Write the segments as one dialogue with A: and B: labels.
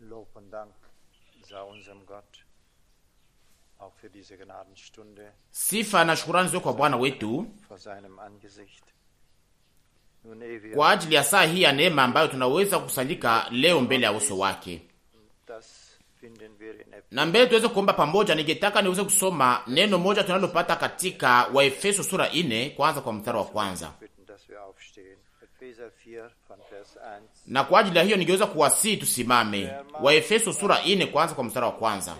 A: Lob und Dank za unserem Gott auch für diese Gnadenstunde.
B: Sifa na shukurani zio kwa Bwana wetu kwa ajili ya saa hii ya neema ambayo tunaweza kukusanyika leo mbele ya uso wake na mbele tuweze kuomba pamoja. Ningetaka niweze kusoma neno moja tunalopata katika Waefeso sura ine kwanza kwa mstari wa kwanza na kwa ajili ya hiyo ningeweza kuwasii tusimame. Waefeso sura ine kwanza kwa mstari wa kwanza.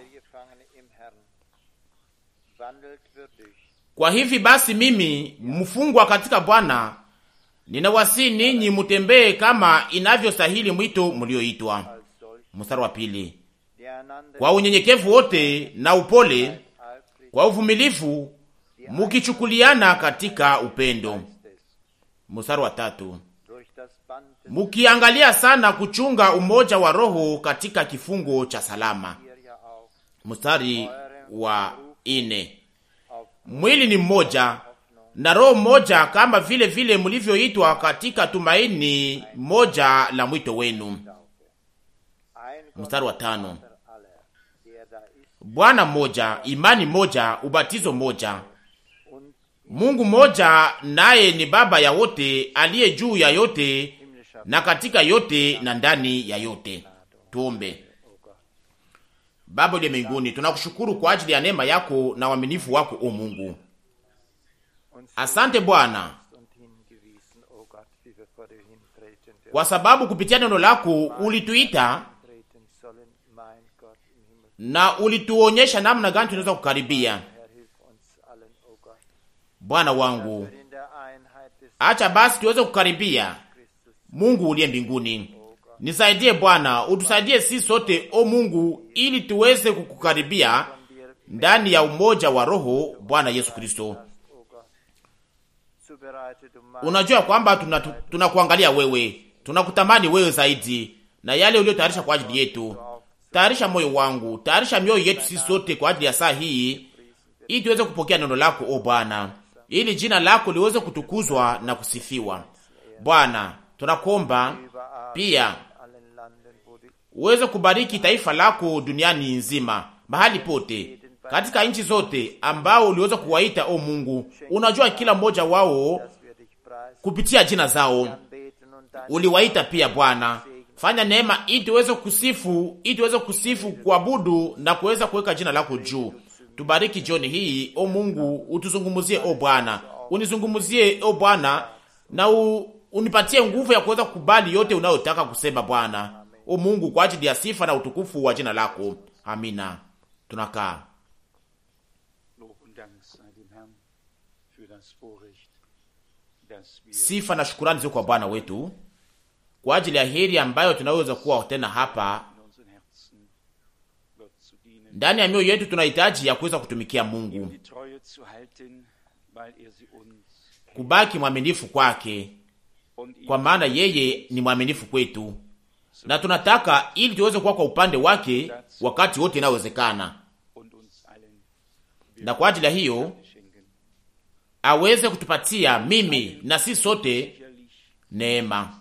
B: Kwa hivi basi mimi mfungwa katika Bwana ninawasii ninyi mutembee kama inavyostahili mwito mlioitwa. Mstari wa pili, kwa unyenyekevu wote na upole, kwa uvumilivu, mukichukuliana katika upendo. Mstari wa tatu, mukiangalia sana kuchunga umoja wa roho katika kifungo cha salama. Mstari wa ine, mwili ni mmoja na roho mmoja, kama vile vile mulivyoitwa katika tumaini moja la mwito wenu. Mstari wa tano, Bwana mmoja, imani moja, ubatizo moja, Mungu mmoja, naye ni baba ya wote aliye juu ya yote na katika yote na ndani ya yote. Tuombe. Baba ya mbinguni, tunakushukuru kwa ajili ya neema yako na uaminifu wako, o Mungu. Asante Bwana kwa sababu kupitia neno lako ulituita na ulituonyesha namna gani tunaweza kukaribia. Bwana wangu, acha basi tuweze kukaribia Mungu uliye mbinguni. Nisaidie Bwana, utusaidie sisi sote o Mungu, ili tuweze kukukaribia ndani ya umoja wa Roho Bwana Yesu Kristo. Unajua kwamba tunakuangalia, tuna wewe, tunakutamani wewe zaidi na yale uliyotayarisha kwa ajili yetu. Tayarisha moyo wangu, tayarisha mioyo yetu sisi sote kwa ajili ya saa hii, ili tuweze kupokea neno lako o Bwana, ili jina lako liweze kutukuzwa na kusifiwa Bwana. Tunakuomba pia uweze kubariki taifa lako duniani nzima, mahali pote, katika nchi zote ambao uliweza kuwaita. O Mungu, unajua kila mmoja wao kupitia jina zao uliwaita. Pia Bwana, fanya neema ili tuweze kusifu, ili tuweze kusifu, kuabudu na kuweza kuweka jina lako juu. Tubariki jioni hii, o Mungu, utuzungumuzie o Bwana, unizungumuzie o Bwana na u unipatie nguvu ya kuweza kukubali yote unayotaka kusema Bwana o Mungu, kwa ajili ya sifa na utukufu wa jina lako. Amina. Tunakaa sifa na shukurani zio kwa Bwana wetu kwa ajili ya heri ambayo tunaweza kuwa tena hapa ndani ya mioyo yetu. Tunahitaji ya kuweza kutumikia Mungu, kubaki mwaminifu kwake kwa maana yeye ni mwaminifu kwetu, na tunataka ili tuweze kuwa kwa upande wake wakati wote inawezekana, na kwa ajili ya hiyo aweze kutupatia mimi na si sote neema.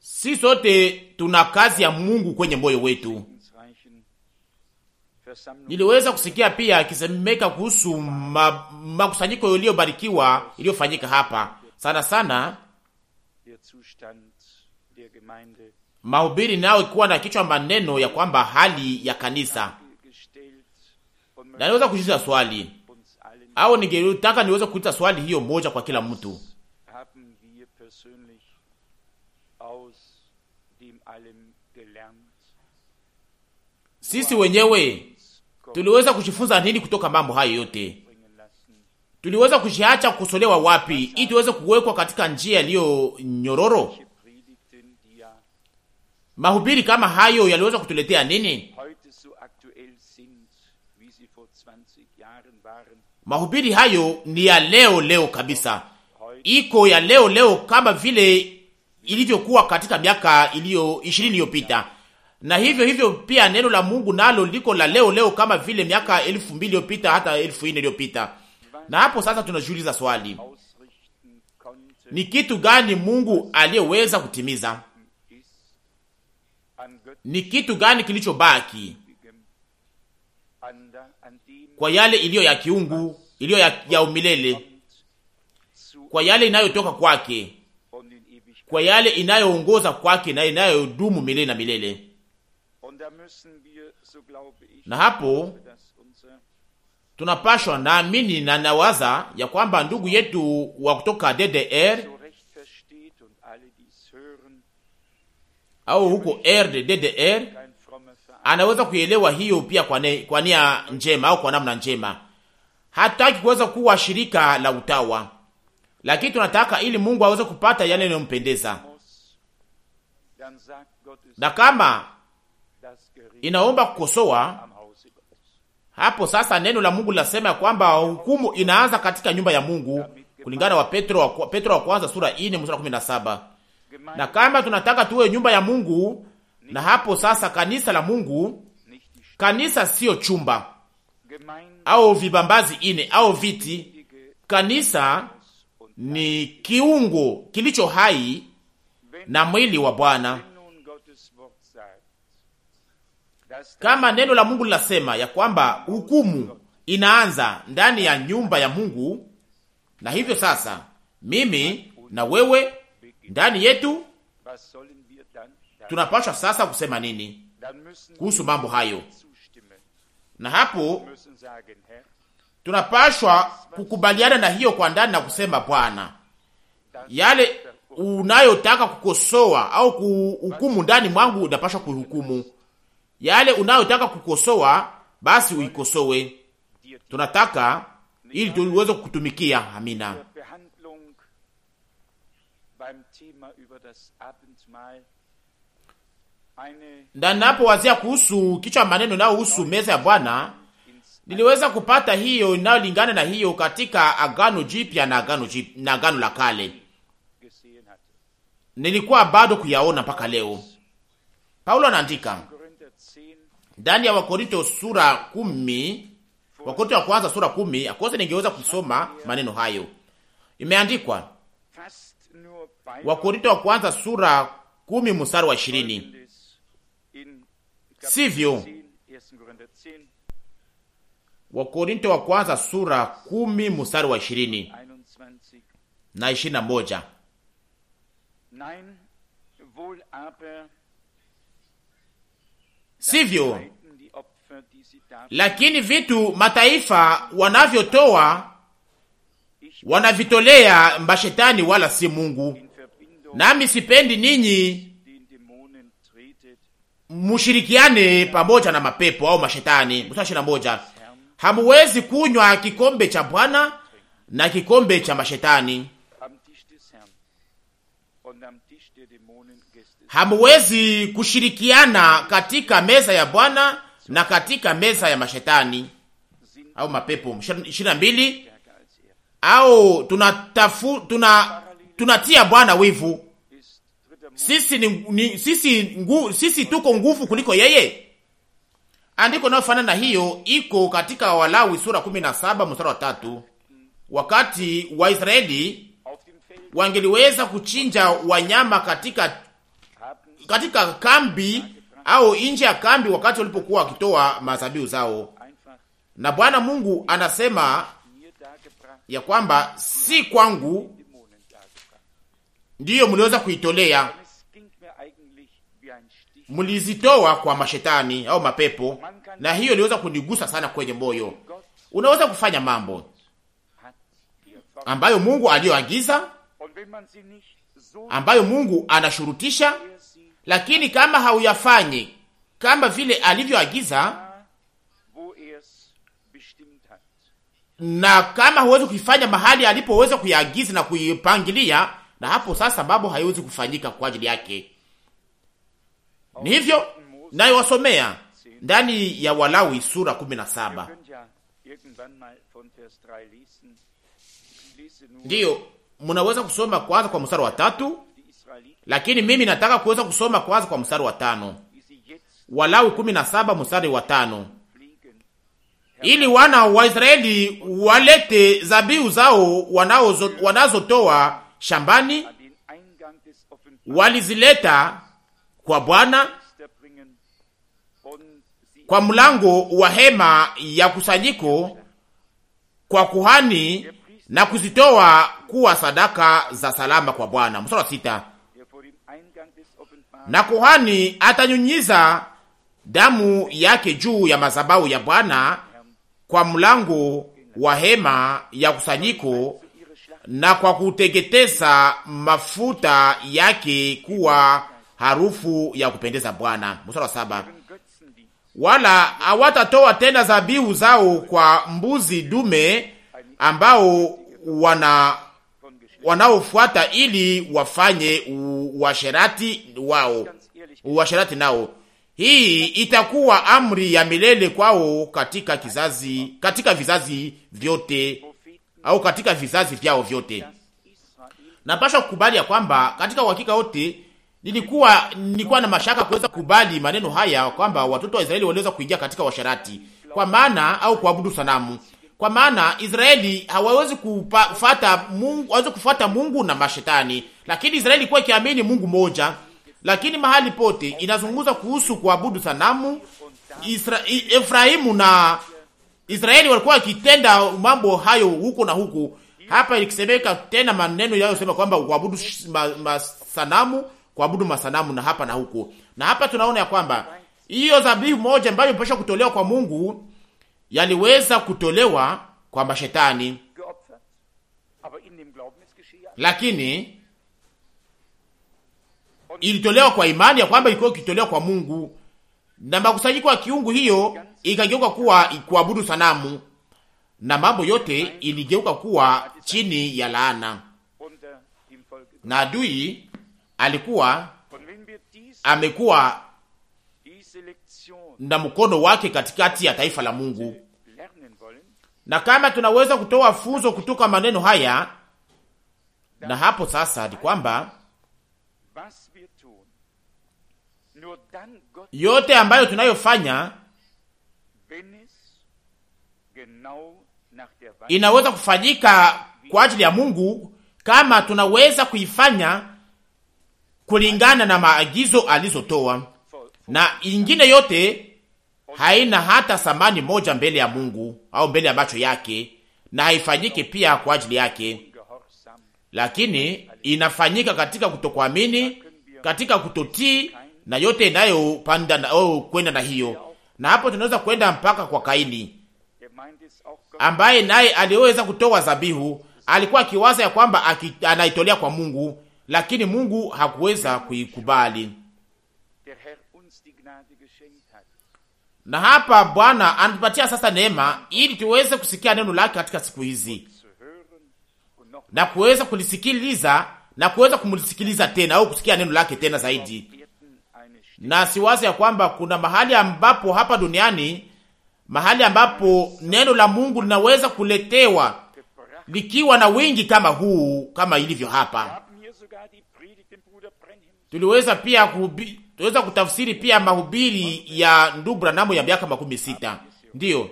B: Si sote tuna kazi ya Mungu kwenye moyo wetu Niliweza kusikia pia akisemeka kuhusu ma, makusanyiko yaliyobarikiwa iliyofanyika hapa sana sana, mahubiri nayo ikuwa na kichwa maneno ya kwamba hali ya kanisa, na niweza kuuliza swali au ningetaka niweze kuuliza swali hiyo moja kwa kila mtu sisi wenyewe Tuliweza kujifunza nini kutoka mambo hayo yote? Tuliweza kujiacha kusolewa wapi ili tuweze kuwekwa katika njia iliyo nyororo? Mahubiri kama hayo yaliweza kutuletea nini? Mahubiri hayo ni ya leo leo kabisa, iko ya leo leo kama vile ilivyokuwa katika miaka iliyo ishirini iliyopita na hivyo hivyo pia neno la Mungu nalo liko la leo leo kama vile miaka elfu mbili iliyopita hata elfu nne iliyopita. Na hapo sasa tunajiuliza swali, ni kitu gani Mungu aliyeweza kutimiza? Ni kitu gani kilichobaki kwa yale iliyo ya kiungu, iliyo ya, ya umilele, kwa yale inayotoka kwake, kwa yale inayoongoza kwake na inayodumu milele na milele. Na hapo tunapashwa naamini na nawaza ya kwamba ndugu yetu wa kutoka DDR au huko RD DDR anaweza kuelewa hiyo pia kwa, ne, kwa nia njema au kwa namna njema. Hataki kuweza kuwa shirika la utawa, lakini tunataka ili Mungu aweze kupata yale yanayompendeza, na kama inaomba kukosoa. Hapo sasa neno la Mungu linasema ya kwamba hukumu inaanza katika nyumba ya Mungu kulingana wa Petro wa, Petro wa kwanza sura 4 mstari 17. Na kama tunataka tuwe nyumba ya Mungu, na hapo sasa kanisa la Mungu, kanisa sio chumba au vibambazi ine au viti. Kanisa ni kiungo kilicho hai na mwili wa Bwana Kama neno la Mungu linasema ya kwamba hukumu inaanza ndani ya nyumba ya Mungu, na hivyo sasa mimi na wewe ndani yetu tunapashwa sasa kusema nini kuhusu mambo hayo? Na hapo tunapashwa kukubaliana na hiyo kwa ndani na kusema, Bwana, yale unayotaka kukosoa au kuhukumu ndani mwangu, unapashwa kuhukumu yale unayotaka kukosoa, basi uikosowe. Tunataka ili tuweze kukutumikia. Amina. Na napowazia kuhusu kichwa maneno inayohusu husu meza ya Bwana, niliweza kupata hiyo inayolingana na hiyo katika Agano Jipya na Agano Jip, na Agano la Kale nilikuwa bado kuyaona mpaka leo. Paulo anaandika ndani ya Wakorinto sura kumi, Wakorinto wa kwanza sura kumi, akose ningeweza kusoma maneno hayo. Imeandikwa Wakorinto wa kwanza sura kumi mstari wa ishirini, sivyo? Wakorinto wa kwanza sura kumi mstari wa ishirini na ishirini na moja sivyo? Lakini vitu mataifa wanavyotoa wanavitolea mashetani, wala si Mungu. Nami sipendi ninyi mushirikiane pamoja na mapepo au mashetani. Mstari moja, hamuwezi kunywa kikombe cha Bwana na kikombe cha mashetani hamuwezi kushirikiana katika meza ya Bwana na katika meza ya mashetani au mapepo. ishirini na mbili au tunatafu, tuna tunatia Bwana wivu sisi, ni, ni, sisi, ngu, sisi tuko nguvu kuliko yeye. Andiko inayofanana na hiyo iko katika Walawi sura 17 mstari wa tatu. Wakati Waisraeli wangeliweza kuchinja wanyama katika katika kambi au nje ya kambi, wakati walipokuwa wakitoa mazabihu zao. Na Bwana Mungu anasema ya kwamba si kwangu ndiyo mliweza kuitolea, mlizitoa kwa mashetani au mapepo, na hiyo iliweza kunigusa sana kwenye moyo. Unaweza kufanya mambo ambayo Mungu aliyoagiza, ambayo Mungu anashurutisha lakini kama hauyafanyi kama vile alivyoagiza na kama huwezi kuifanya mahali alipoweza kuyaagiza na kuipangilia, na hapo sasa mambo haiwezi kufanyika kwa ajili yake. Ni hivyo nayowasomea ndani ya Walawi sura 17. Ndiyo, munaweza kusoma kwanza kwa mstari wa tatu lakini mimi nataka kuweza kusoma kwanza kwa mstari wa tano Walawi kumi na saba mstari wa tano ili wana wa Israeli walete zabihu zao wanazotoa shambani, walizileta kwa Bwana kwa mlango wa hema ya kusanyiko kwa kuhani na kuzitoa kuwa sadaka za salama kwa Bwana. Mstari wa sita na kuhani atanyunyiza damu yake juu ya mazabau ya Bwana kwa mlango wa hema ya kusanyiko na kwa kuteketeza mafuta yake kuwa harufu ya kupendeza Bwana. Mstari wa saba. Wala hawatatoa tena zabihu zao kwa mbuzi dume ambao wana wanaofuata ili wafanye uasherati wao, uasherati nao. Hii itakuwa amri ya milele kwao katika kizazi, katika vizazi vyote au katika vizazi vyao vyote. Napasha kukubali ya kwamba katika uhakika wote nilikuwa nilikuwa na mashaka kuweza kukubali maneno haya kwamba watoto wa Israeli waliweza kuingia katika washarati kwa maana au kuabudu sanamu, kwa maana Israeli hawawezi kufuata Mungu, hawawezi kufuata Mungu na mashetani, lakini Israeli ilikuwa ikiamini Mungu moja. Lakini mahali pote inazungumza kuhusu kuabudu sanamu. Isra, Efraimu na Israeli walikuwa wakitenda mambo hayo huko na huku. Hapa ikisemeka tena maneno yao sema kwamba kuabudu masanamu, kuabudu masanamu na hapa na huko. Na hapa tunaona ya kwamba hiyo dhabihu moja ambayo imepaswa kutolewa kwa Mungu yaliweza kutolewa kwa mashetani, lakini ilitolewa kwa imani ya kwamba ilikuwa ikitolewa kwa Mungu, na makusanyiko ya kiungu hiyo ikageuka kuwa kuabudu sanamu, na mambo yote iligeuka kuwa chini ya laana, na adui alikuwa amekuwa na mkono wake katikati ya taifa la Mungu na kama tunaweza kutoa funzo kutoka maneno haya, na hapo sasa ni kwamba yote ambayo tunayofanya inaweza kufanyika kwa ajili ya Mungu kama tunaweza kuifanya kulingana na maagizo alizotoa, na ingine yote haina hata thamani moja mbele ya Mungu au mbele ya macho yake, na haifanyiki pia kwa ajili yake, lakini inafanyika katika kutokuamini, katika kutotii na yote inayopanda na oh, kwenda na hiyo. Na hapo tunaweza kwenda mpaka kwa Kaini ambaye naye aliweza kutoa zabihu. Alikuwa akiwaza ya kwamba anaitolea kwa Mungu, lakini Mungu hakuweza kuikubali. Na hapa Bwana anatupatia sasa neema ili tuweze kusikia neno lake katika siku hizi na kuweza kulisikiliza na kuweza kumlisikiliza tena au kusikia neno lake tena zaidi. Na siwazi ya kwamba kuna mahali ambapo hapa duniani, mahali ambapo neno la Mungu linaweza kuletewa likiwa na wingi kama huu, kama ilivyo hapa. Tuliweza pia tunaweza kutafsiri pia mahubiri ya ndugu Branamu ya miaka makumi sita ndiyo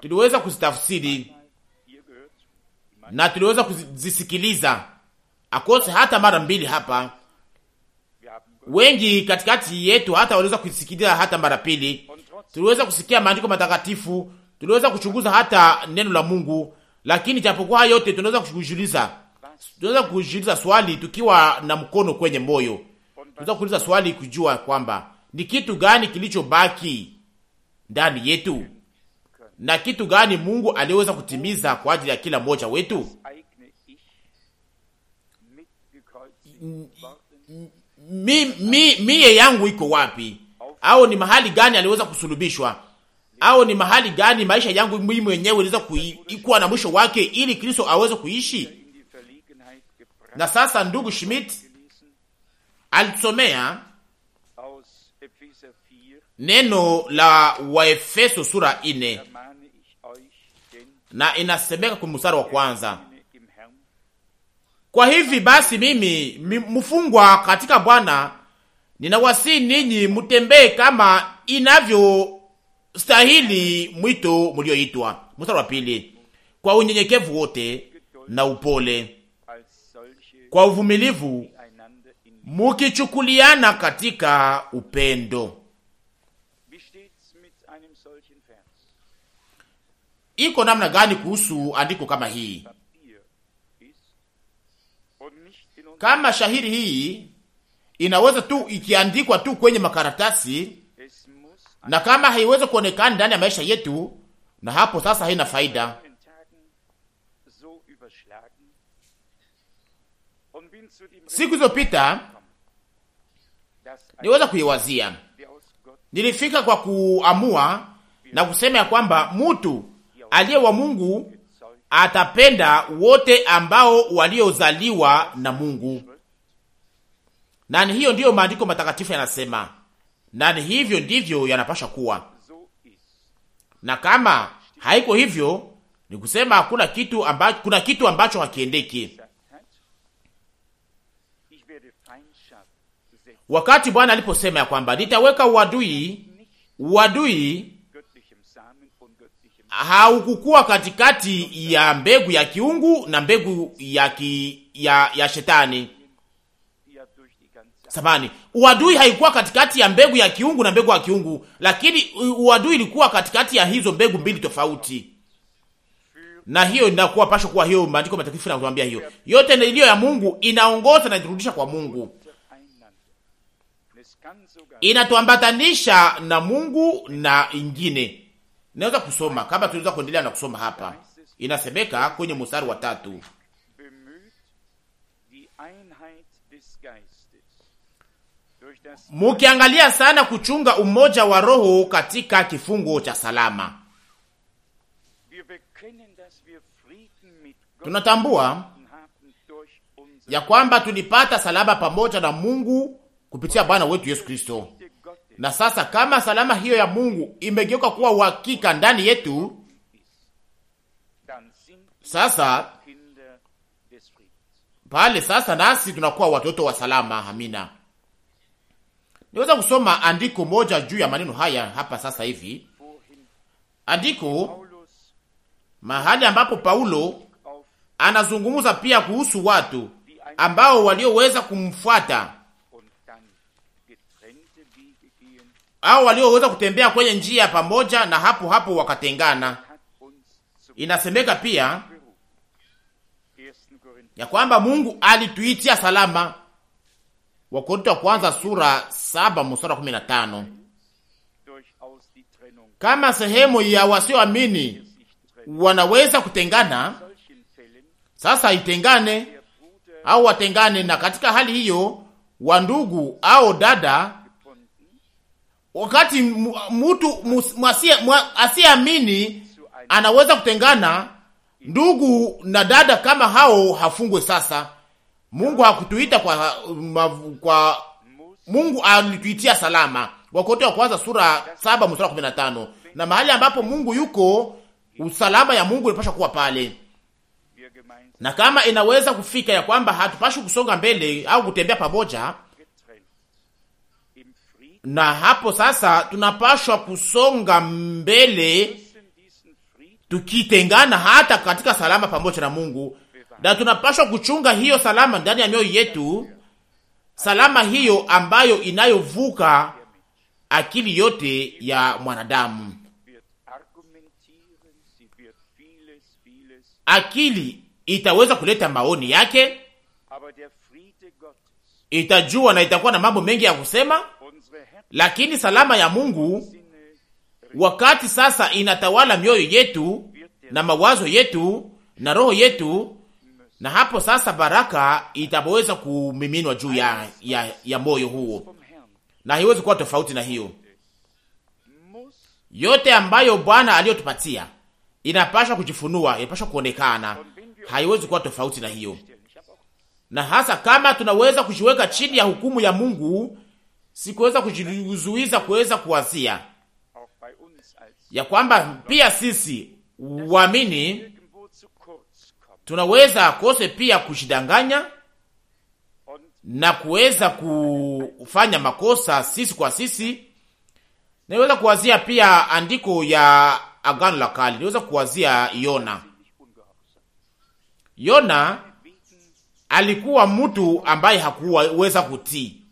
B: tuliweza kuzitafsiri na tuliweza kuzisikiliza akose hata mara mbili hapa. Wengi katikati yetu hata waliweza kuisikiliza hata mara pili. Tuliweza kusikia maandiko matakatifu, tuliweza kuchunguza hata neno la Mungu, lakini japokuwa yote tunaweza kujiuliza tunaweza kujiuliza swali tukiwa na mkono kwenye moyo, tunaweza kuuliza swali kujua kwamba ni kitu gani kilichobaki ndani yetu na kitu gani Mungu aliweza kutimiza kwa ajili ya kila mmoja wetu. Mi, mi, mie yangu iko wapi? Au ni mahali gani aliweza kusulubishwa? Au ni mahali gani maisha yangu mimi mwenyewe iliweza kuwa na mwisho wake, ili Kristo aweze kuishi na sasa ndugu Schmidt alisomea neno la Waefeso sura ine na inasemeka kwa mstari wa kwanza, kwa hivi basi mimi mfungwa katika Bwana ninawasi ninyi mtembee kama inavyo stahili mwito mlioitwa. Mstari wa pili, kwa unyenyekevu wote na upole kwa uvumilivu, mukichukuliana katika upendo. Iko namna gani kuhusu andiko kama hii? Kama shahiri hii inaweza tu ikiandikwa tu kwenye makaratasi, na kama haiwezi kuonekana ndani ya maisha yetu, na hapo sasa haina faida. Siku zilizopita niweza kuiwazia, nilifika kwa kuamua na kusema ya kwamba mtu aliye wa Mungu atapenda wote ambao waliozaliwa na Mungu, na hiyo ndiyo maandiko matakatifu yanasema, na hivyo ndivyo yanapasha kuwa. Na kama haiko hivyo, ni kusema kuna kitu ambacho, kuna kitu ambacho hakiendeki wakati Bwana aliposema ya kwamba nitaweka uadui, uadui haukukuwa katikati ya mbegu ya kiungu na mbegu ya, ki, ya, ya shetani samani. Uadui haikuwa katikati ya mbegu ya kiungu na mbegu ya kiungu, lakini uadui ilikuwa katikati ya hizo mbegu mbili tofauti, na hiyo inakuwa pasha kuwa hiyo. Maandiko matakatifu yanatuambia hiyo yote, iliyo ya Mungu inaongoza na inarudisha kwa Mungu inatuambatanisha na Mungu na ingine. Naweza kusoma kama tunaweza kuendelea na kusoma hapa, inasemeka kwenye mstari wa tatu mukiangalia sana kuchunga umoja wa roho katika kifungo cha salama. Tunatambua ya kwamba tulipata salama pamoja na Mungu kupitia Bwana wetu Yesu Kristo. Na sasa kama salama hiyo ya Mungu imegeuka kuwa uhakika ndani yetu, sasa pale sasa nasi tunakuwa watoto wa salama. Amina. Niweza kusoma andiko moja juu ya maneno haya hapa sasa hivi, andiko mahali ambapo Paulo anazungumza pia kuhusu watu ambao walioweza kumfuata au walioweza kutembea kwenye njia pamoja na hapo hapo wakatengana. Inasemeka pia ya kwamba Mungu alituitia salama, Wakorintho wa kwanza sura saba mstari kumi na tano kama sehemu ya wasioamini wanaweza kutengana, sasa itengane au watengane. Na katika hali hiyo, wandugu au dada Wakati mtu asiyeamini anaweza kutengana, ndugu na dada kama hao hafungwe. Sasa Mungu hakutuita kwa, kwa Mungu alituitia salama. Wakorintho wa kwanza sura saba mstari kumi na tano. Na mahali ambapo Mungu yuko, usalama ya Mungu inapaswa kuwa pale, na kama inaweza kufika ya kwamba hatupashi kusonga mbele au kutembea pamoja na hapo sasa tunapashwa kusonga mbele tukitengana hata katika salama pamoja na Mungu, na tunapashwa kuchunga hiyo salama ndani ya mioyo yetu, salama hiyo ambayo inayovuka akili yote ya mwanadamu. Akili itaweza kuleta maoni yake, itajua na itakuwa na mambo mengi ya kusema lakini salama ya Mungu wakati sasa inatawala mioyo yetu na mawazo yetu na roho yetu, na hapo sasa baraka itaweza kumiminwa juu ya, ya, ya moyo huo, na haiwezi kuwa tofauti na hiyo. Yote ambayo Bwana aliyotupatia inapasha kujifunua, inapasha kuonekana, haiwezi kuwa tofauti na hiyo, na hasa kama tunaweza kujiweka chini ya hukumu ya Mungu sikuweza kujizuiza kuweza kuwazia ya kwamba pia sisi waamini tunaweza kose pia kushidanganya na kuweza kufanya makosa sisi kwa sisi. Naweza kuwazia pia andiko ya Agano la Kale, niweza kuwazia Yona. Yona alikuwa mtu ambaye hakuweza kutii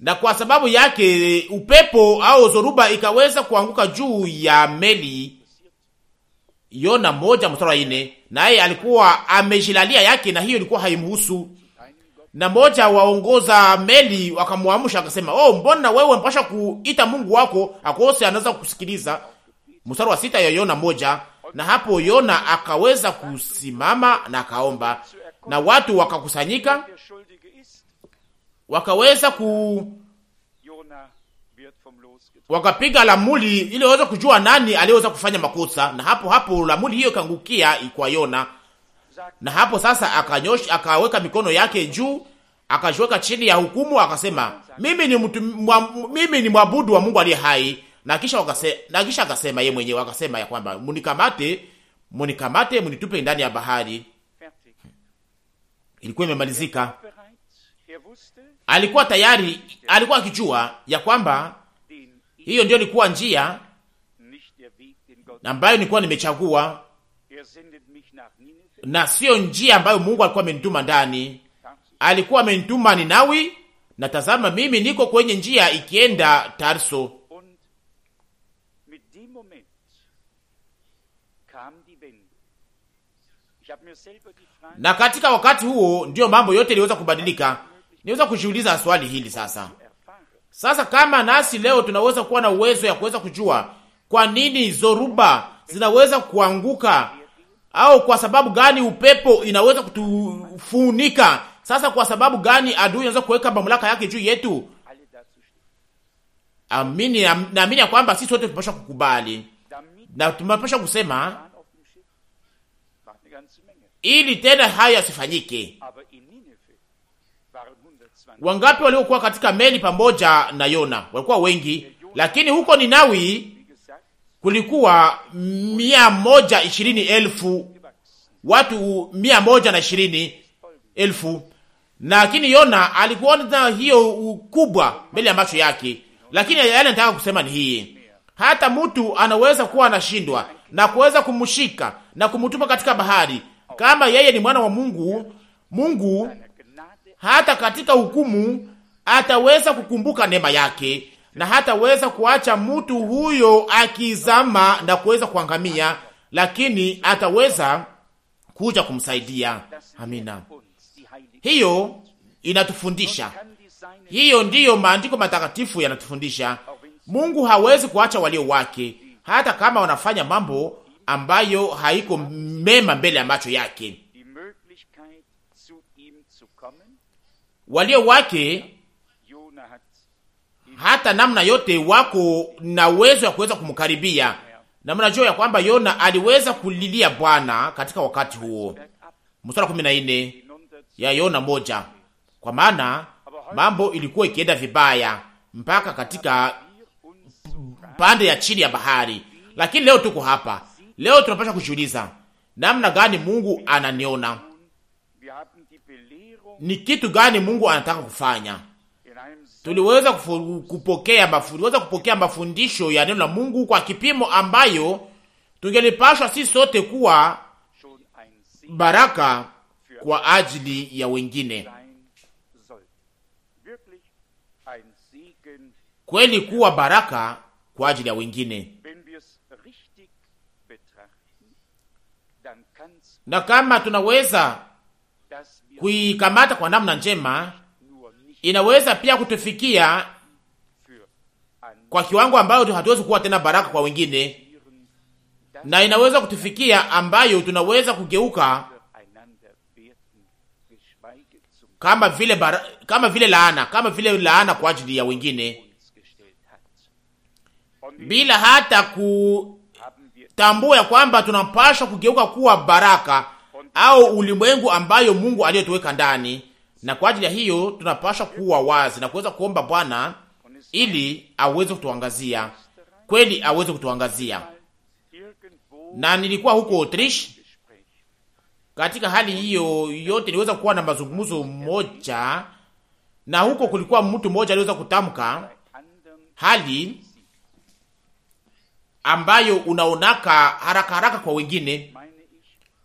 B: na kwa sababu yake upepo au zoruba ikaweza kuanguka juu ya meli. Yona moja mstari wa ine, naye alikuwa amejilalia yake, na hiyo ilikuwa haimuhusu Na moja waongoza meli wakamwamsha, akasema oh, mbona wewe mpasha kuita Mungu wako akose anaweza kusikiliza. Mstari wa sita ya Yona moja. Na hapo Yona akaweza kusimama na akaomba, na watu wakakusanyika wakaweza ku wakapiga lamuli ili waweze kujua nani aliyeweza kufanya makosa, na hapo hapo lamuli hiyo ikangukia kwa Yona, na hapo sasa akanyosha, akaweka mikono yake juu, akajiweka chini ya hukumu, akasema mimi ni mtu, mimi ni mwabudu wa Mungu aliye hai. Na kisha wakasema, na kisha akasema yeye mwenyewe akasema ya kwamba munikamate, munikamate, munitupe ndani ya bahari. Ilikuwa imemalizika alikuwa tayari, alikuwa akijua ya kwamba hiyo ndiyo ilikuwa njia ambayo nilikuwa nimechagua na siyo njia ambayo Mungu alikuwa amenituma ndani. Alikuwa amenituma Ninawi, na tazama mimi niko kwenye njia ikienda Tarso. Na katika wakati huo ndiyo mambo yote iliweza kubadilika. Niweza kujiuliza swali hili sasa. Sasa kama nasi leo tunaweza kuwa na uwezo ya kuweza kujua kwa nini zoruba zinaweza kuanguka au kwa sababu gani upepo inaweza kutufunika? Sasa kwa sababu gani adui anaweza kuweka mamlaka yake juu yetu? Amini, naamini ya kwamba sisi wote tunapaswa kukubali na tumepasha kusema ili tena hayo yasifanyike. Wangapi waliokuwa katika meli pamoja na Yona? Walikuwa wengi, lakini huko Ninawi kulikuwa mia moja ishirini elfu watu mia moja na ishirini elfu lakini Yona alikuona hiyo kubwa mbele ya macho yake. Lakini yale nataka kusema ni hii, hata mtu anaweza kuwa anashindwa na kuweza kumshika na kumtupa katika bahari, kama yeye ni mwana wa Mungu, Mungu hata katika hukumu ataweza kukumbuka neema yake na hataweza kuacha mtu huyo akizama na kuweza kuangamia, lakini ataweza kuja kumsaidia. Amina. Hiyo inatufundisha, hiyo ndiyo maandiko matakatifu yanatufundisha. Mungu hawezi kuacha walio wake, hata kama wanafanya mambo ambayo haiko mema mbele ya macho yake. walio wake hata namna yote wako na uwezo wa kuweza kumkaribia, na mnajua ya kwamba Yona aliweza kulilia Bwana katika wakati huo. Mstari kumi na nne ya Yona moja, kwa maana mambo ilikuwa ikienda vibaya mpaka katika pande ya chini ya bahari. Lakini leo tuko hapa, leo tunapasha kujiuliza namna gani Mungu ananiona ni kitu gani Mungu anataka kufanya. Tuliweza kupokea mafu, tuliweza kupokea mafundisho ya neno la Mungu kwa kipimo ambayo tungelipashwa si sote kuwa baraka kwa ajili ya wengine, kweli kuwa baraka kwa ajili ya wengine. Na kama tunaweza kuikamata kwa namna njema inaweza pia kutufikia kwa kiwango ambayo hatuwezi kuwa tena baraka kwa wengine, na inaweza kutufikia ambayo tunaweza kugeuka kama vile bar kama vile laana, kama vile laana kwa ajili ya wengine, bila hata kutambua ya kwamba tunapashwa kugeuka kuwa baraka au ulimwengu ambayo Mungu aliyotuweka ndani, na kwa ajili ya hiyo tunapashwa kuwa wazi na kuweza kuomba Bwana ili aweze kutuangazia kweli, aweze kutuangazia. Na nilikuwa huko Autriche katika hali hiyo yote, niweza kuwa na mazungumzo moja na huko, kulikuwa mtu mmoja aliweza kutamka hali ambayo unaonaka haraka haraka kwa wengine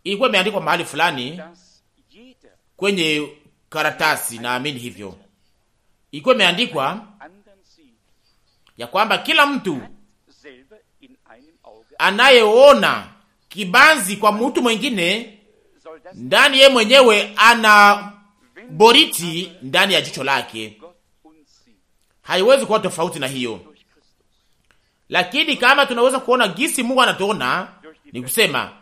B: ilikuwa imeandikwa mahali fulani kwenye karatasi, naamini hivyo. Ilikuwa imeandikwa ya kwamba kila mtu anayeona kibanzi kwa mtu mwengine ndani ye mwenyewe ana boriti ndani ya jicho lake. Haiwezi kuwa tofauti na hiyo, lakini kama tunaweza kuona gisi Mungu anatuona, ni kusema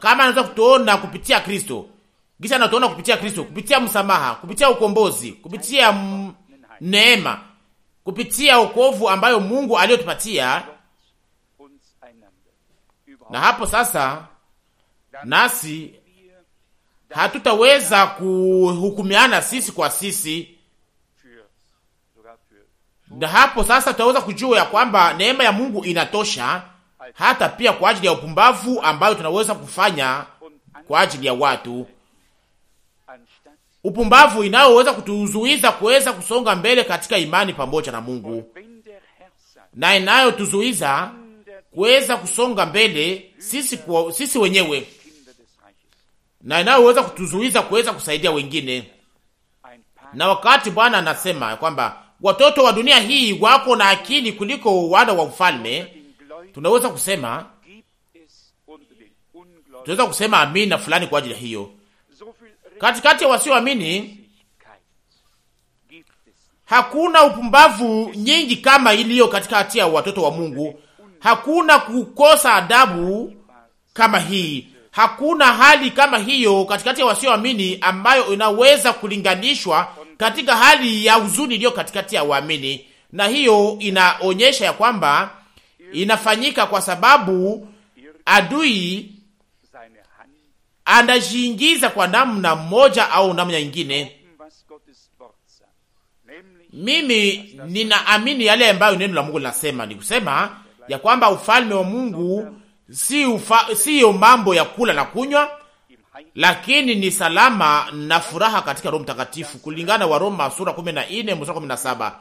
B: kama anaweza kutuona kupitia Kristo, kisha anatuona kupitia Kristo, kupitia msamaha, kupitia ukombozi, kupitia neema, kupitia wokovu ambayo Mungu aliyotupatia, na hapo sasa nasi hatutaweza kuhukumiana sisi kwa sisi, na hapo sasa tutaweza kujua ya kwamba neema ya Mungu inatosha hata pia kwa ajili ya upumbavu ambayo tunaweza kufanya kwa ajili ya watu, upumbavu inayoweza kutuzuiza kuweza kusonga mbele katika imani pamoja na Mungu na inayotuzuiza kuweza kusonga mbele sisi, kwa, sisi wenyewe na inayoweza kutuzuiza kuweza kusaidia wengine. Na wakati Bwana anasema kwamba watoto wa dunia hii wako na akili kuliko wana wa ufalme tunaweza kusema tunaweza kusema amina fulani kwa ajili ya hiyo. Katikati ya wasioamini hakuna upumbavu nyingi kama iliyo katikati ya watoto wa Mungu. Hakuna kukosa adabu kama hii, hakuna hali kama hiyo katikati ya wasioamini ambayo inaweza kulinganishwa katika hali ya huzuni iliyo katikati ya waamini, na hiyo inaonyesha ya kwamba inafanyika kwa sababu adui anajiingiza kwa namna moja au namna nyingine. Mimi ninaamini yale ambayo neno la Mungu linasema, ni kusema ya kwamba ufalme wa Mungu siyo si mambo ya kula na kunywa, lakini ni salama na furaha katika Roho Mtakatifu, kulingana wa Roma sura 14 mstari 17.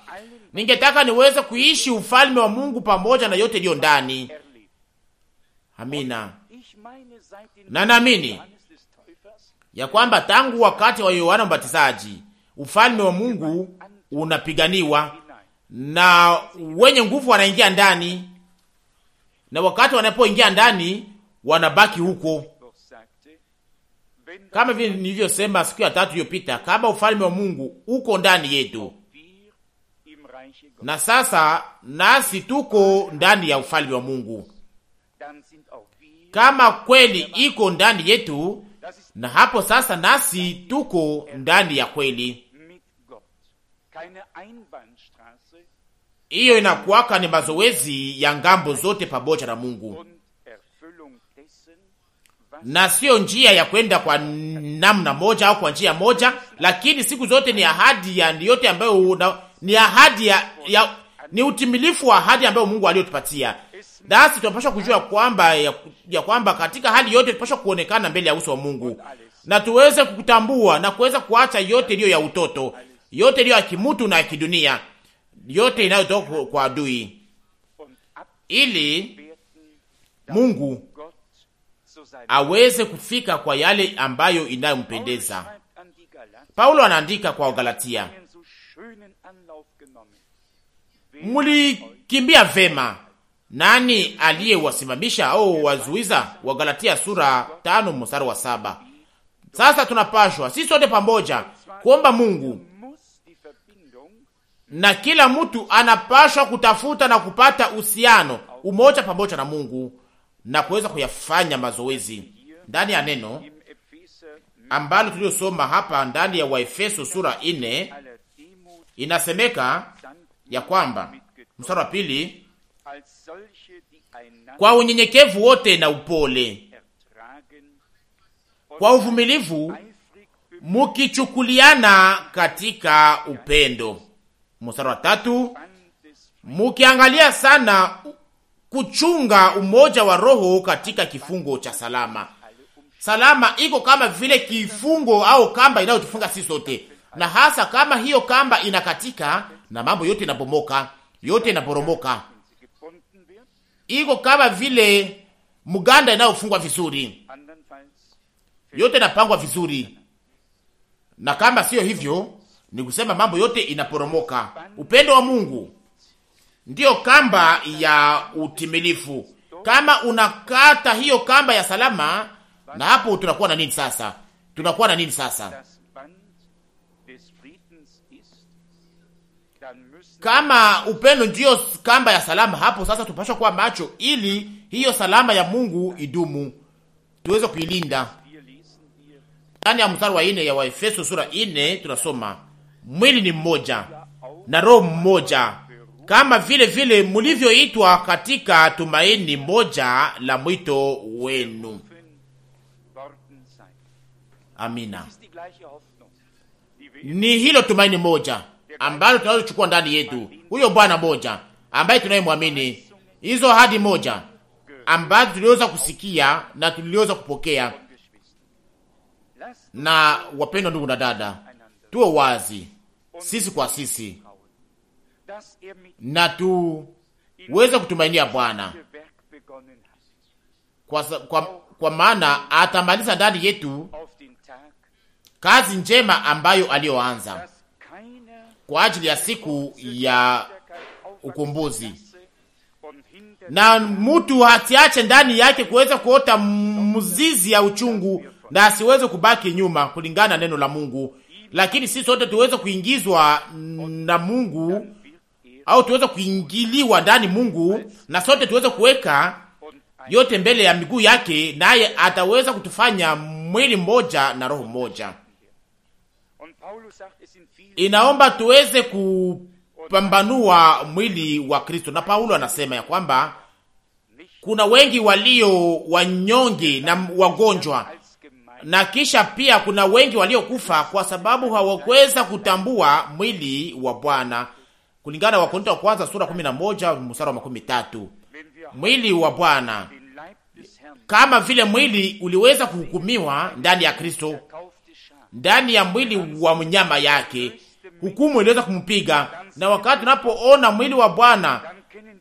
B: Ningetaka niweze kuishi ufalme wa Mungu pamoja na yote iliyo ndani. Amina. Na naamini ya kwamba tangu wakati wa Yohana Mbatizaji ufalme wa Mungu unapiganiwa na wenye nguvu wanaingia ndani, na wakati wanapoingia ndani wanabaki huko kama vile nilivyosema siku ya tatu iliyopita, kama ufalme wa Mungu uko ndani yetu, na sasa nasi tuko ndani ya ufalme wa Mungu. Kama kweli iko ndani yetu, na hapo sasa nasi tuko ndani ya kweli. Hiyo inakuwaka ni mazoezi ya ngambo zote pamoja na Mungu na sio njia ya kwenda kwa namna moja au kwa njia moja, lakini siku zote ni ahadi ya yote ambayo una, ni ahadi ya, ya ni utimilifu wa ahadi ambayo Mungu aliyotupatia. Basi tunapaswa kujua kwamba ya, ya kwamba katika hali yote tunapaswa kuonekana mbele ya uso wa Mungu na tuweze kutambua na kuweza kuacha yote iliyo ya utoto, yote iliyo ya kimutu na ya kidunia, yote inayotoka kwa adui, ili Mungu aweze kufika kwa yale ambayo inayompendeza. Paulo anaandika kwa Wagalatia, mulikimbia vema. Nani aliyewasimamisha au wazuiza? Wagalatia sura tano mstari wa saba. Sasa tunapashwa sisi sote pamoja kuomba Mungu na kila mtu anapashwa kutafuta na kupata uhusiano umoja pamoja na Mungu na kuweza kuyafanya mazoezi ndani ya neno ambalo tuliosoma hapa ndani ya Waefeso sura ine inasemeka ya kwamba mstari wa pili, kwa unyenyekevu wote na upole, kwa uvumilivu mukichukuliana katika upendo. Mstari wa tatu, mukiangalia sana kuchunga umoja wa roho katika kifungo cha salama. Salama iko kama vile kifungo au kamba inayotufunga sisi sote, na hasa kama hiyo kamba inakatika na mambo yote inabomoka, yote inaporomoka. Iko kama vile mganda inayofungwa vizuri, yote inapangwa vizuri, na kama siyo hivyo, ni kusema mambo yote inaporomoka. Upendo wa Mungu ndiyo kamba ya utimilifu. Kama unakata hiyo kamba ya salama, na hapo tunakuwa na nini sasa? Tunakuwa na nini sasa? Kama upendo ndiyo kamba ya salama, hapo sasa tupashwa kuwa macho, ili hiyo salama ya Mungu idumu, tuweze kuilinda. Ndani ya mstari wa ine ya Waefeso sura ine tunasoma mwili ni mmoja na roho mmoja kama vile vile mulivyoitwa katika tumaini moja la mwito wenu. Amina. Ni hilo tumaini moja ambalo tunalochukua ndani yetu, huyo Bwana moja ambaye tunayemwamini, hizo hadi moja ambazo tuliweza kusikia na tuliweza kupokea. Na wapendwa ndugu na dada, tuwe wazi sisi kwa sisi na tuweze kutumainia Bwana kwa, kwa, kwa maana atamaliza ndani yetu kazi njema ambayo aliyoanza kwa ajili ya siku ya ukumbuzi Na mtu hatiache ndani yake kuweza kuota mzizi ya uchungu na asiweze kubaki nyuma, kulingana na neno la Mungu. Lakini sisi sote tuweze kuingizwa na Mungu au tuweze kuingiliwa ndani Mungu, na sote tuweze kuweka yote mbele ya miguu yake, naye ataweza kutufanya mwili mmoja na roho mmoja. Inaomba tuweze kupambanua mwili wa Kristo, na Paulo anasema ya kwamba kuna wengi walio wanyonge na wagonjwa, na kisha pia kuna wengi waliokufa kwa sababu hawakuweza kutambua mwili wa Bwana kulingana na Wakorintho wa kwanza sura 11 mstari wa 13. Mwili wa Bwana kama vile mwili uliweza kuhukumiwa ndani ya Kristo, ndani ya mwili wa mnyama yake hukumu iliweza kumpiga. Na wakati tunapoona mwili wa Bwana,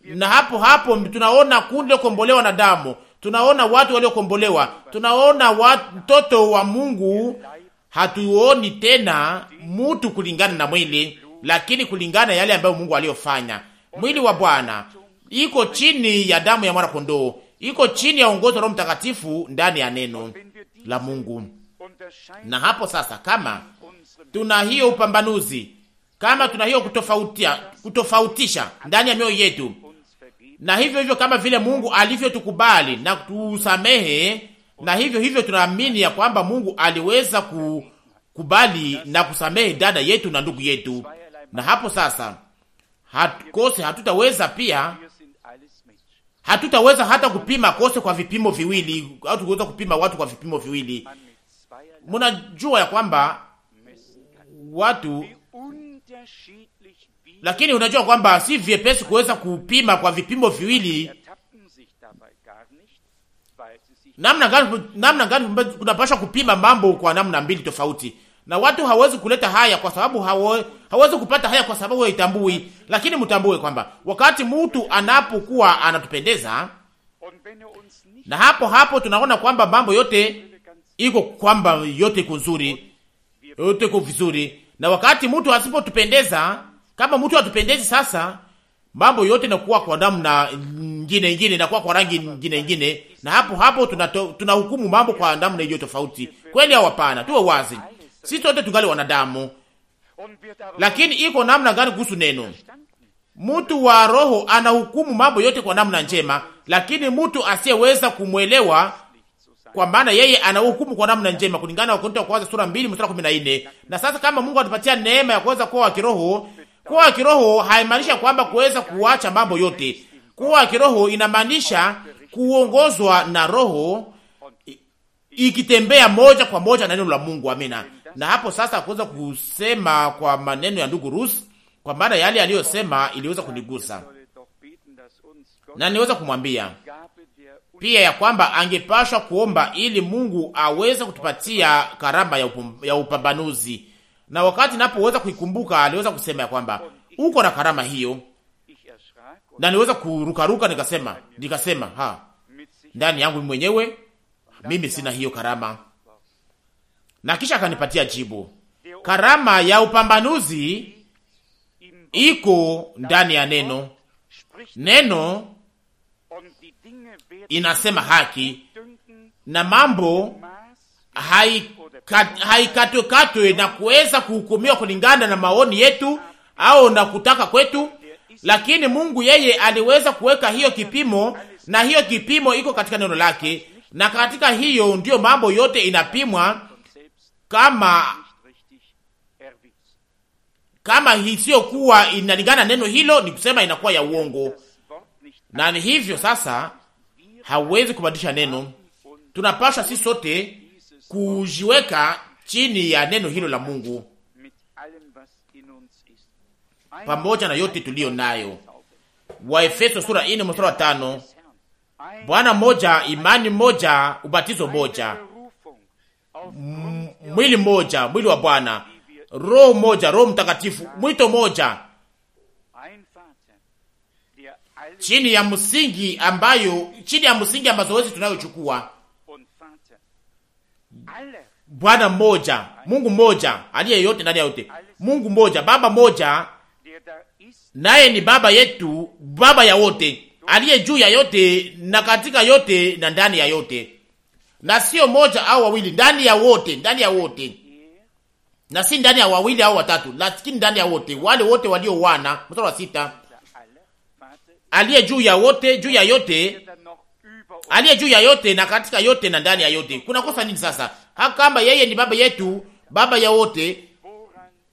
B: na hapo hapo tunaona kundi lokombolewa na damu, tunaona watu waliokombolewa, tunaona mtoto wa Mungu. Hatuoni tena mutu kulingana na mwili, lakini kulingana yale ambayo Mungu aliyofanya. Mwili wa Bwana iko chini ya damu ya mwana kondoo, iko chini ya uongozi wa Roho Mtakatifu ndani ya neno la Mungu. Na hapo sasa, kama tuna hiyo upambanuzi, kama tuna hiyo kutofautia, kutofautisha ndani ya mioyo yetu, na hivyo hivyo kama vile Mungu alivyotukubali na kutusamehe, na hivyo hivyo tunaamini ya kwamba Mungu aliweza kukubali na kusamehe dada yetu na ndugu yetu na hapo sasa kose hatutaweza pia hatutaweza hata kupima kose kwa vipimo viwili, au tuweza kupima watu kwa vipimo viwili. Mnajua ya kwamba watu, lakini unajua kwamba si vyepesi kuweza kupima kwa vipimo viwili. Namna gani, namna gani kupima mambo kwa namna mbili tofauti? na watu hawezi kuleta haya kwa sababu hawe, hawezi kupata haya kwa sababu haitambui. Lakini mtambue kwamba wakati mtu anapokuwa anatupendeza, na hapo hapo tunaona kwamba mambo yote iko kwamba yote iko nzuri, yote iko vizuri. Na wakati mtu asipotupendeza, kama mtu atupendezi, sasa mambo yote nakuwa kwa damu na nyingine nyingine, nakuwa kwa rangi nyingine nyingine, na hapo hapo tunahukumu tuna mambo kwa damu na hiyo tofauti. Kweli au hapana? Tuwe wazi si sote tungali wanadamu, lakini iko namna gani kuhusu neno? Mtu wa roho anahukumu mambo yote kwa namna njema, lakini mtu asiyeweza kumwelewa, kwa maana yeye anahukumu kwa namna njema, kulingana na Wakorintho wa kwanza sura 2 mstari 14. Na sasa kama Mungu atupatia neema ya kuweza kuwa wa kiroho, kuwa wa kiroho haimaanisha kwamba kuweza kuacha mambo yote. Kuwa wa kiroho inamaanisha kuongozwa na roho ikitembea moja kwa moja na neno la Mungu. Amina na hapo sasa kuweza kusema kwa maneno ya ndugu Rus, kwa maana yale aliyosema iliweza kunigusa na niweza kumwambia pia ya kwamba angepashwa kuomba ili Mungu aweze kutupatia karama ya, upum, ya upambanuzi. Na wakati napoweza kuikumbuka, aliweza kusema ya kwamba uko na karama hiyo, na niweza kurukaruka, nikasema nikasema ha, ndani yangu mwenyewe mimi sina hiyo karama na kisha akanipatia jibu. Karama ya upambanuzi iko ndani ya neno. Neno inasema haki na mambo haikatwekatwe hai na kuweza kuhukumiwa kulingana na maoni yetu au na kutaka kwetu, lakini Mungu yeye aliweza kuweka hiyo kipimo, na hiyo kipimo iko katika neno lake, na katika hiyo ndiyo mambo yote inapimwa kama kama isiyokuwa inalingana neno hilo, ni kusema inakuwa ya uongo, na ni hivyo sasa hawezi kubadilisha neno. Tunapaswa sisi sote kujiweka chini ya neno hilo la Mungu
C: pamoja na yote
B: tuliyo nayo. Waefeso sura ine mstari wa Bwana moja imani moja, ubatizo moja, mwili mmoja, mwili wa Bwana, roho moja, Roho Mtakatifu, mwito moja, chini ya msingi ambayo, chini ya msingi ya mazoezi tunayochukua, Bwana mmoja, Mungu mmoja, aliye yote ndani ya yote, Mungu mmoja, Baba mmoja, naye ni Baba yetu, Baba ya wote, aliye juu ya yote na katika yote na ndani ya yote na sio moja au wawili, ndani ya wote, ndani ya wote, na si ndani ya wawili au watatu, lakini ndani ya wote, wale wote walio wana. Mstari wa sita, aliye juu ya wote, juu ya yote, aliye juu ya yote na katika yote na ndani ya yote. Kuna kosa nini sasa? Kama yeye ni baba yetu, baba ya wote,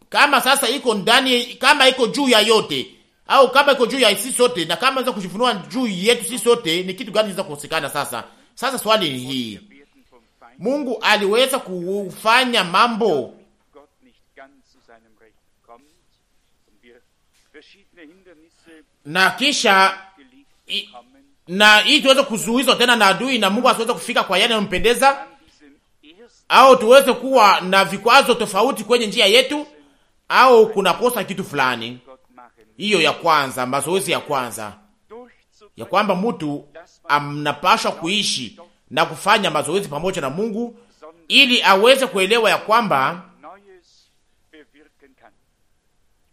B: kama sasa iko ndani, kama iko juu ya yote au kama iko juu ya sisi sote, na kama aweza kujifunua juu yetu sisi sote, ni kitu gani inaweza kukosekana sasa? Sasa swali ni hii Mungu aliweza kufanya mambo na kisha i, na hii tuweze kuzuizwa tena na adui na Mungu asiweze kufika kwa yale yanayompendeza, au tuweze kuwa na vikwazo tofauti kwenye njia yetu, au kosa kitu fulani. Hiyo ya kwanza, mazoezi ya kwanza ya kwamba mtu anapashwa kuishi na kufanya mazoezi pamoja na Mungu ili aweze kuelewa ya kwamba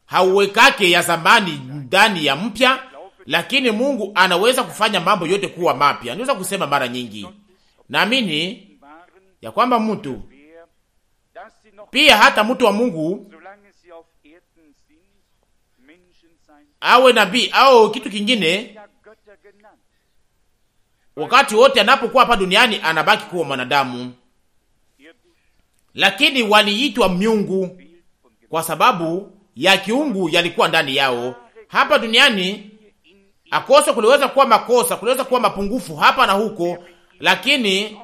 B: hauwekake ya zamani ndani ya mpya, lakini Mungu anaweza kufanya mambo yote kuwa mapya. Niweza kusema mara nyingi, naamini ya kwamba mtu pia hata mtu wa Mungu awe nabii au kitu kingine, wakati wote anapokuwa hapa duniani anabaki kuwa mwanadamu, lakini waliitwa miungu kwa sababu ya kiungu yalikuwa ndani yao. Hapa duniani akoso kuliweza kuwa makosa, kuliweza kuwa mapungufu hapa na huko, lakini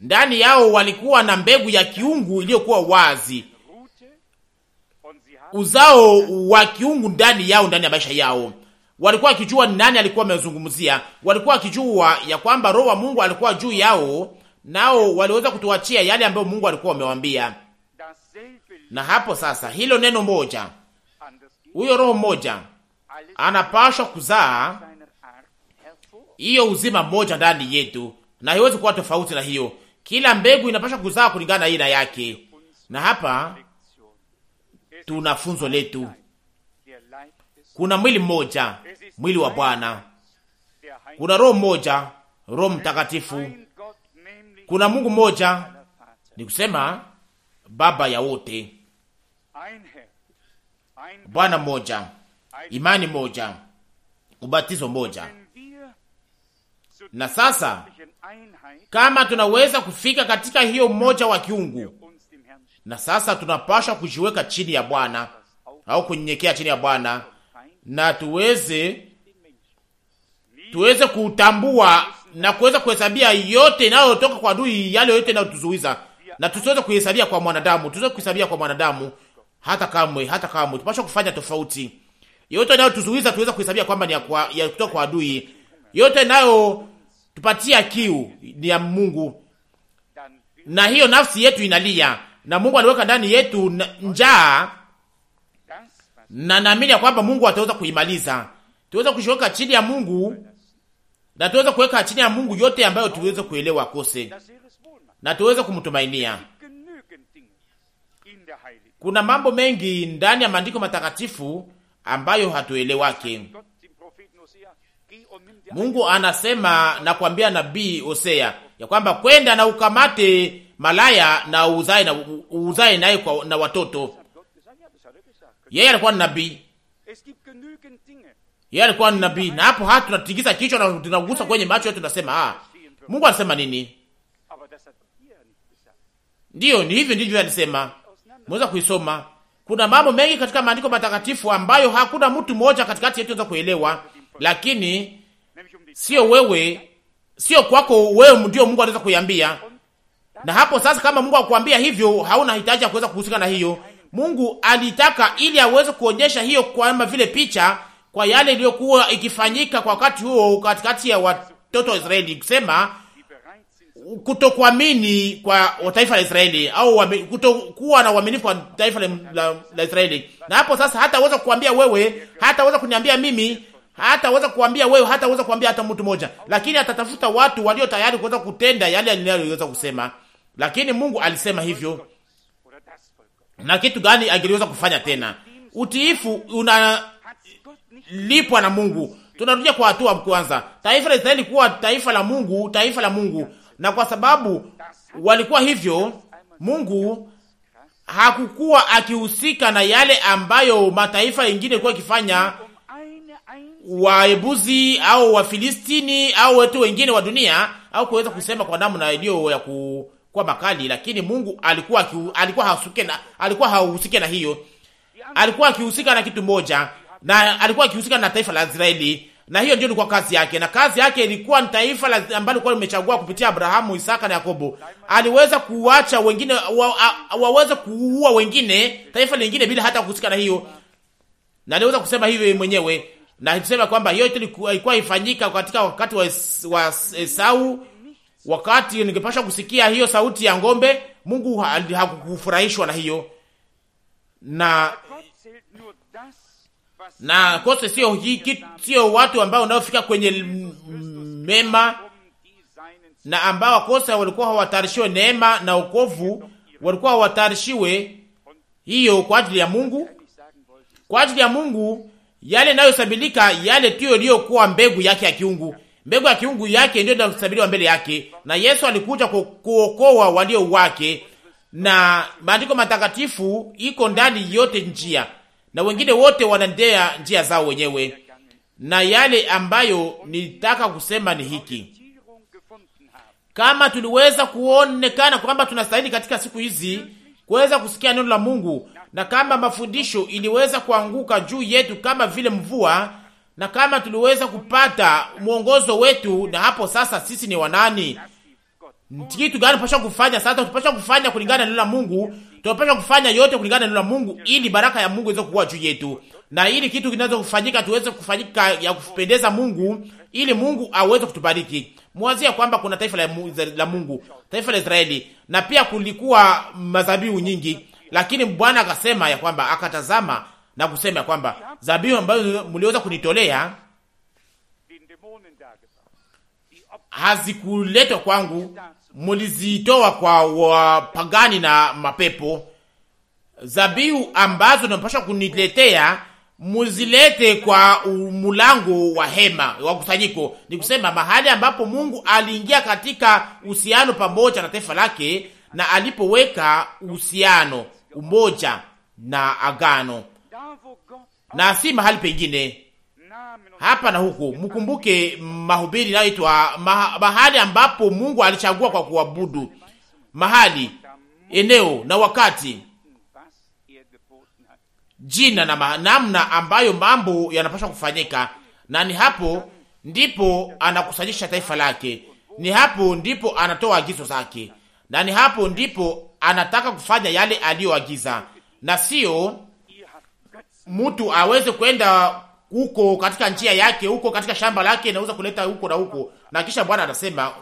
B: ndani yao walikuwa na mbegu ya kiungu iliyokuwa wazi, uzao wa kiungu ndani yao, ndani ya maisha yao walikuwa wakijua nani alikuwa amezungumzia, walikuwa wakijua ya kwamba roho wa Mungu alikuwa juu yao, nao waliweza kutuachia yale ambayo Mungu alikuwa amewambia. Na hapo sasa, hilo neno moja, huyo roho mmoja anapashwa kuzaa hiyo uzima mmoja ndani yetu, na haiwezi kuwa tofauti na hiyo. Kila mbegu inapashwa kuzaa kulingana na aina yake, na hapa tuna funzo letu kuna mwili mmoja, mwili wa Bwana, kuna roho mmoja Roho Mtakatifu, kuna Mungu mmoja, ni kusema baba ya wote, Bwana mmoja, imani moja, ubatizo moja. Na sasa kama tunaweza kufika katika hiyo mmoja wa kiungu, na sasa tunapashwa kujiweka chini ya Bwana au kunyenyekea chini ya Bwana na tuweze tuweze kutambua na kuweza kuhesabia yote inayotoka kwa adui, yale yote inayotuzuiza, na tusiweze kuhesabia kwa mwanadamu, tusiweze kuhesabia kwa mwanadamu hata kamwe, hata kamwe. Tupasha kufanya tofauti. Yote inayotuzuiza tuweze kuhesabia kwamba ni ya, kwa, ya kutoka kwa adui. Yote nayo tupatia kiu ni ya Mungu, na hiyo nafsi yetu inalia, na Mungu aliweka ndani yetu njaa na naamini ya kwamba Mungu ataweza kuimaliza. tuweza kushoka chini ya Mungu na tuweza kuweka chini ya Mungu yote ambayo tuweze kuelewa kose, na tuweze kumtumainia. Kuna mambo mengi ndani ya maandiko matakatifu ambayo hatuelewake. Mungu anasema na kuambia nabii Hosea ya kwamba kwenda na ukamate malaya na uzae na uzae naye na watoto yeye alikuwa ni nabii, yeye alikuwa ni nabii, na hapo hata tunatikisa kichwa na tunagusa kwenye macho yetu, tunasema ah, Mungu anasema nini? Ndiyo, ni hivyo ndivyo alisema. Mweza kuisoma, kuna mambo mengi katika maandiko matakatifu ambayo hakuna mtu mmoja katikati yetu anaweza kuelewa, lakini sio wewe, sio kwako wewe ndio Mungu anaweza kuiambia. Na hapo sasa, kama Mungu akwambia hivyo, hauna hitaji ya kuweza kuhusika na hiyo, Mungu alitaka ili aweze kuonyesha hiyo kama vile picha kwa yale iliyokuwa ikifanyika kwa wakati huo katikati ya watoto wa Israeli, kusema kutokuamini kwa taifa la Israeli au kutokuwa na uaminifu kwa taifa la, la, la Israeli. Na hapo sasa hata hataweza kuambia wewe, hata hataweza kuniambia mimi, hata uweza kuambia wewe, hata uweza kuambia hata mtu mmoja, lakini atatafuta watu walio tayari kuweza kutenda yale aliyoweza kusema. Lakini Mungu alisema hivyo na kitu gani angeliweza kufanya tena? Utiifu unalipwa na Mungu. Tunarudia kwa hatua kwanza, taifa la Israeli kuwa taifa la Mungu, taifa la Mungu, na kwa sababu walikuwa hivyo, Mungu hakukuwa akihusika na yale ambayo mataifa yengine kuwa akifanya, Waebuzi au Wafilistini au watu wengine wa dunia, au kuweza kusema kwa namna iliyo ya ku kuwa makali, lakini Mungu alikuwa alikuwa hasuke na alikuwa hahusike na hiyo, alikuwa akihusika na kitu moja, na alikuwa akihusika na taifa la Israeli, na hiyo ndio ilikuwa kazi yake, na kazi yake ilikuwa ni taifa la ambalo kwa limechagua kupitia Abrahamu, Isaka na Yakobo. Aliweza kuacha wengine wa, wa, waweza kuua wengine taifa lingine bila hata kuhusika na hiyo, na aliweza kusema hivyo mwenyewe na tusema kwamba hiyo ilikuwa ifanyika katika wakati wa Esau Wakati ningepasha kusikia hiyo sauti ya ng'ombe, Mungu hakukufurahishwa na hiyo na na kose sio hiki, sio watu ambao wanaofika kwenye mema na ambao kosa walikuwa hawatarishiwe neema na ukovu, walikuwa hawatarishiwe hiyo kwa ajili ya Mungu, kwa ajili ya Mungu yale nayosabilika yale tu iliyokuwa mbegu yake ya kiungu Mbegu ya kiungu yake ndio inasabiliwa mbele yake, na Yesu alikuja kuokoa walio wake, na maandiko matakatifu iko ndani yote njia, na wengine wote wanaendea njia zao wenyewe. Na yale ambayo nitaka kusema ni hiki, kama tuliweza kuonekana kwamba tunastahili katika siku hizi kuweza kusikia neno la Mungu, na kama mafundisho iliweza kuanguka juu yetu kama vile mvua na kama tuliweza kupata mwongozo wetu, na hapo sasa sisi ni wanani? Kitu gani tunapaswa kufanya sasa? Tunapaswa kufanya kulingana na neno la Mungu, tunapaswa kufanya yote kulingana na neno la Mungu, ili baraka ya Mungu iweze kuwa juu yetu, na ili kitu kinaweza kufanyika tuweze kufanyika ya kupendeza Mungu, ili Mungu aweze kutubariki. Mwazia kwamba kuna taifa la, la Mungu, taifa la Israeli, na pia kulikuwa madhabihu nyingi, lakini Bwana akasema ya kwamba akatazama na kusema kwamba dhabihu ambayo mliweza kunitolea hazikuletwa kwangu, mulizitoa kwa wapagani na mapepo. Dhabihu ambazo napasha kuniletea muzilete kwa mulango wa hema wa kusanyiko, ni kusema mahali ambapo Mungu aliingia katika uhusiano pamoja na taifa lake na alipoweka uhusiano umoja na agano na si mahali pengine, hapa na huku Mkumbuke mahubiri inayoitwa mahali ambapo Mungu alichagua kwa kuabudu, mahali, eneo na wakati, jina na namna ambayo mambo yanapaswa kufanyika, na ni hapo ndipo anakusanyisha taifa lake, ni hapo ndipo anatoa agizo zake, na ni hapo ndipo anataka kufanya yale aliyoagiza na sio mtu aweze kwenda huko katika njia yake huko katika shamba lake, naweza kuleta huko na huko. Na kisha Bwana anasema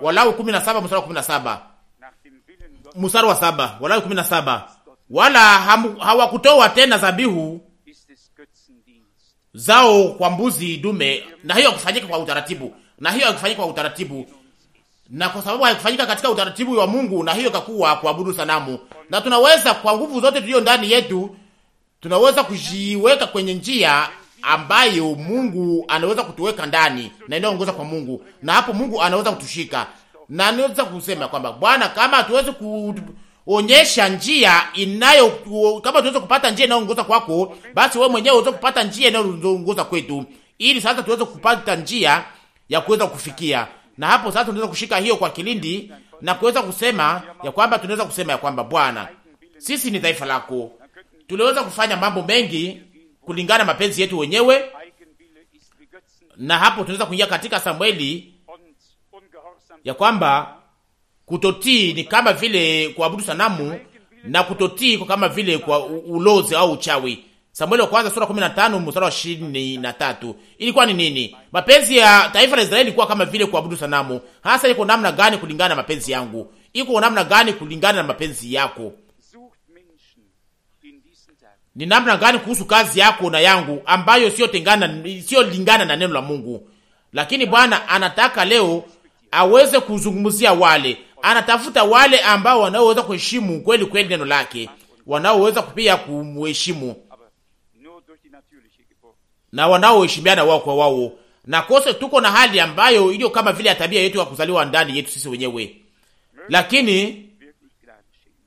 B: Walawi 17 mstari wa 17, mstari wa 7 Walawi 17, wala hawakutoa tena zabihu zao kwa mbuzi dume, na hiyo hakufanyika kwa utaratibu, na hiyo hakufanyika kwa utaratibu, na kwa sababu haikufanyika katika utaratibu wa Mungu, na hiyo kakuwa kuabudu sanamu. Na tunaweza kwa nguvu zote tulio ndani yetu tunaweza kujiweka kwenye njia ambayo Mungu anaweza kutuweka ndani na inaongoza kwa Mungu, na hapo Mungu anaweza kutushika na anaweza kusema kwamba Bwana, kama hatuwezi kuonyesha njia inayo, kama tuweze kupata njia inayoongoza kwako, basi wewe mwenyewe uweze kupata njia inayoongoza kwetu, ili sasa tuweze kupata njia ya kuweza kufikia. Na hapo sasa tunaweza kushika hiyo kwa kilindi na kuweza kusema ya kwamba tunaweza kusema ya kwamba Bwana, sisi ni taifa lako tuliweza kufanya mambo mengi kulingana mapenzi yetu wenyewe, na hapo tunaweza kuingia katika Samueli ya kwamba kutotii ni kama vile kuabudu sanamu na kutotii kwa kama vile kwa ulozi au uchawi. Samueli wa kwanza sura 15 mstari wa 23. Ilikuwa ni nini? Mapenzi ya taifa la Israeli ilikuwa kama vile kuabudu sanamu. Hasa iko namna gani kulingana na mapenzi yangu? Iko namna gani kulingana na mapenzi yako? ni namna gani kuhusu kazi yako na yangu ambayo sio tengana sio lingana na neno la Mungu. Lakini Bwana anataka leo aweze kuzungumzia wale, anatafuta wale ambao wanaoweza kuheshimu kweli kweli neno lake, wanaoweza pia kumheshimu na wanaoheshimiana wao kwa wao, na kose tuko na hali ambayo iliyo kama vile ya tabia yetu ya kuzaliwa ndani yetu sisi wenyewe, lakini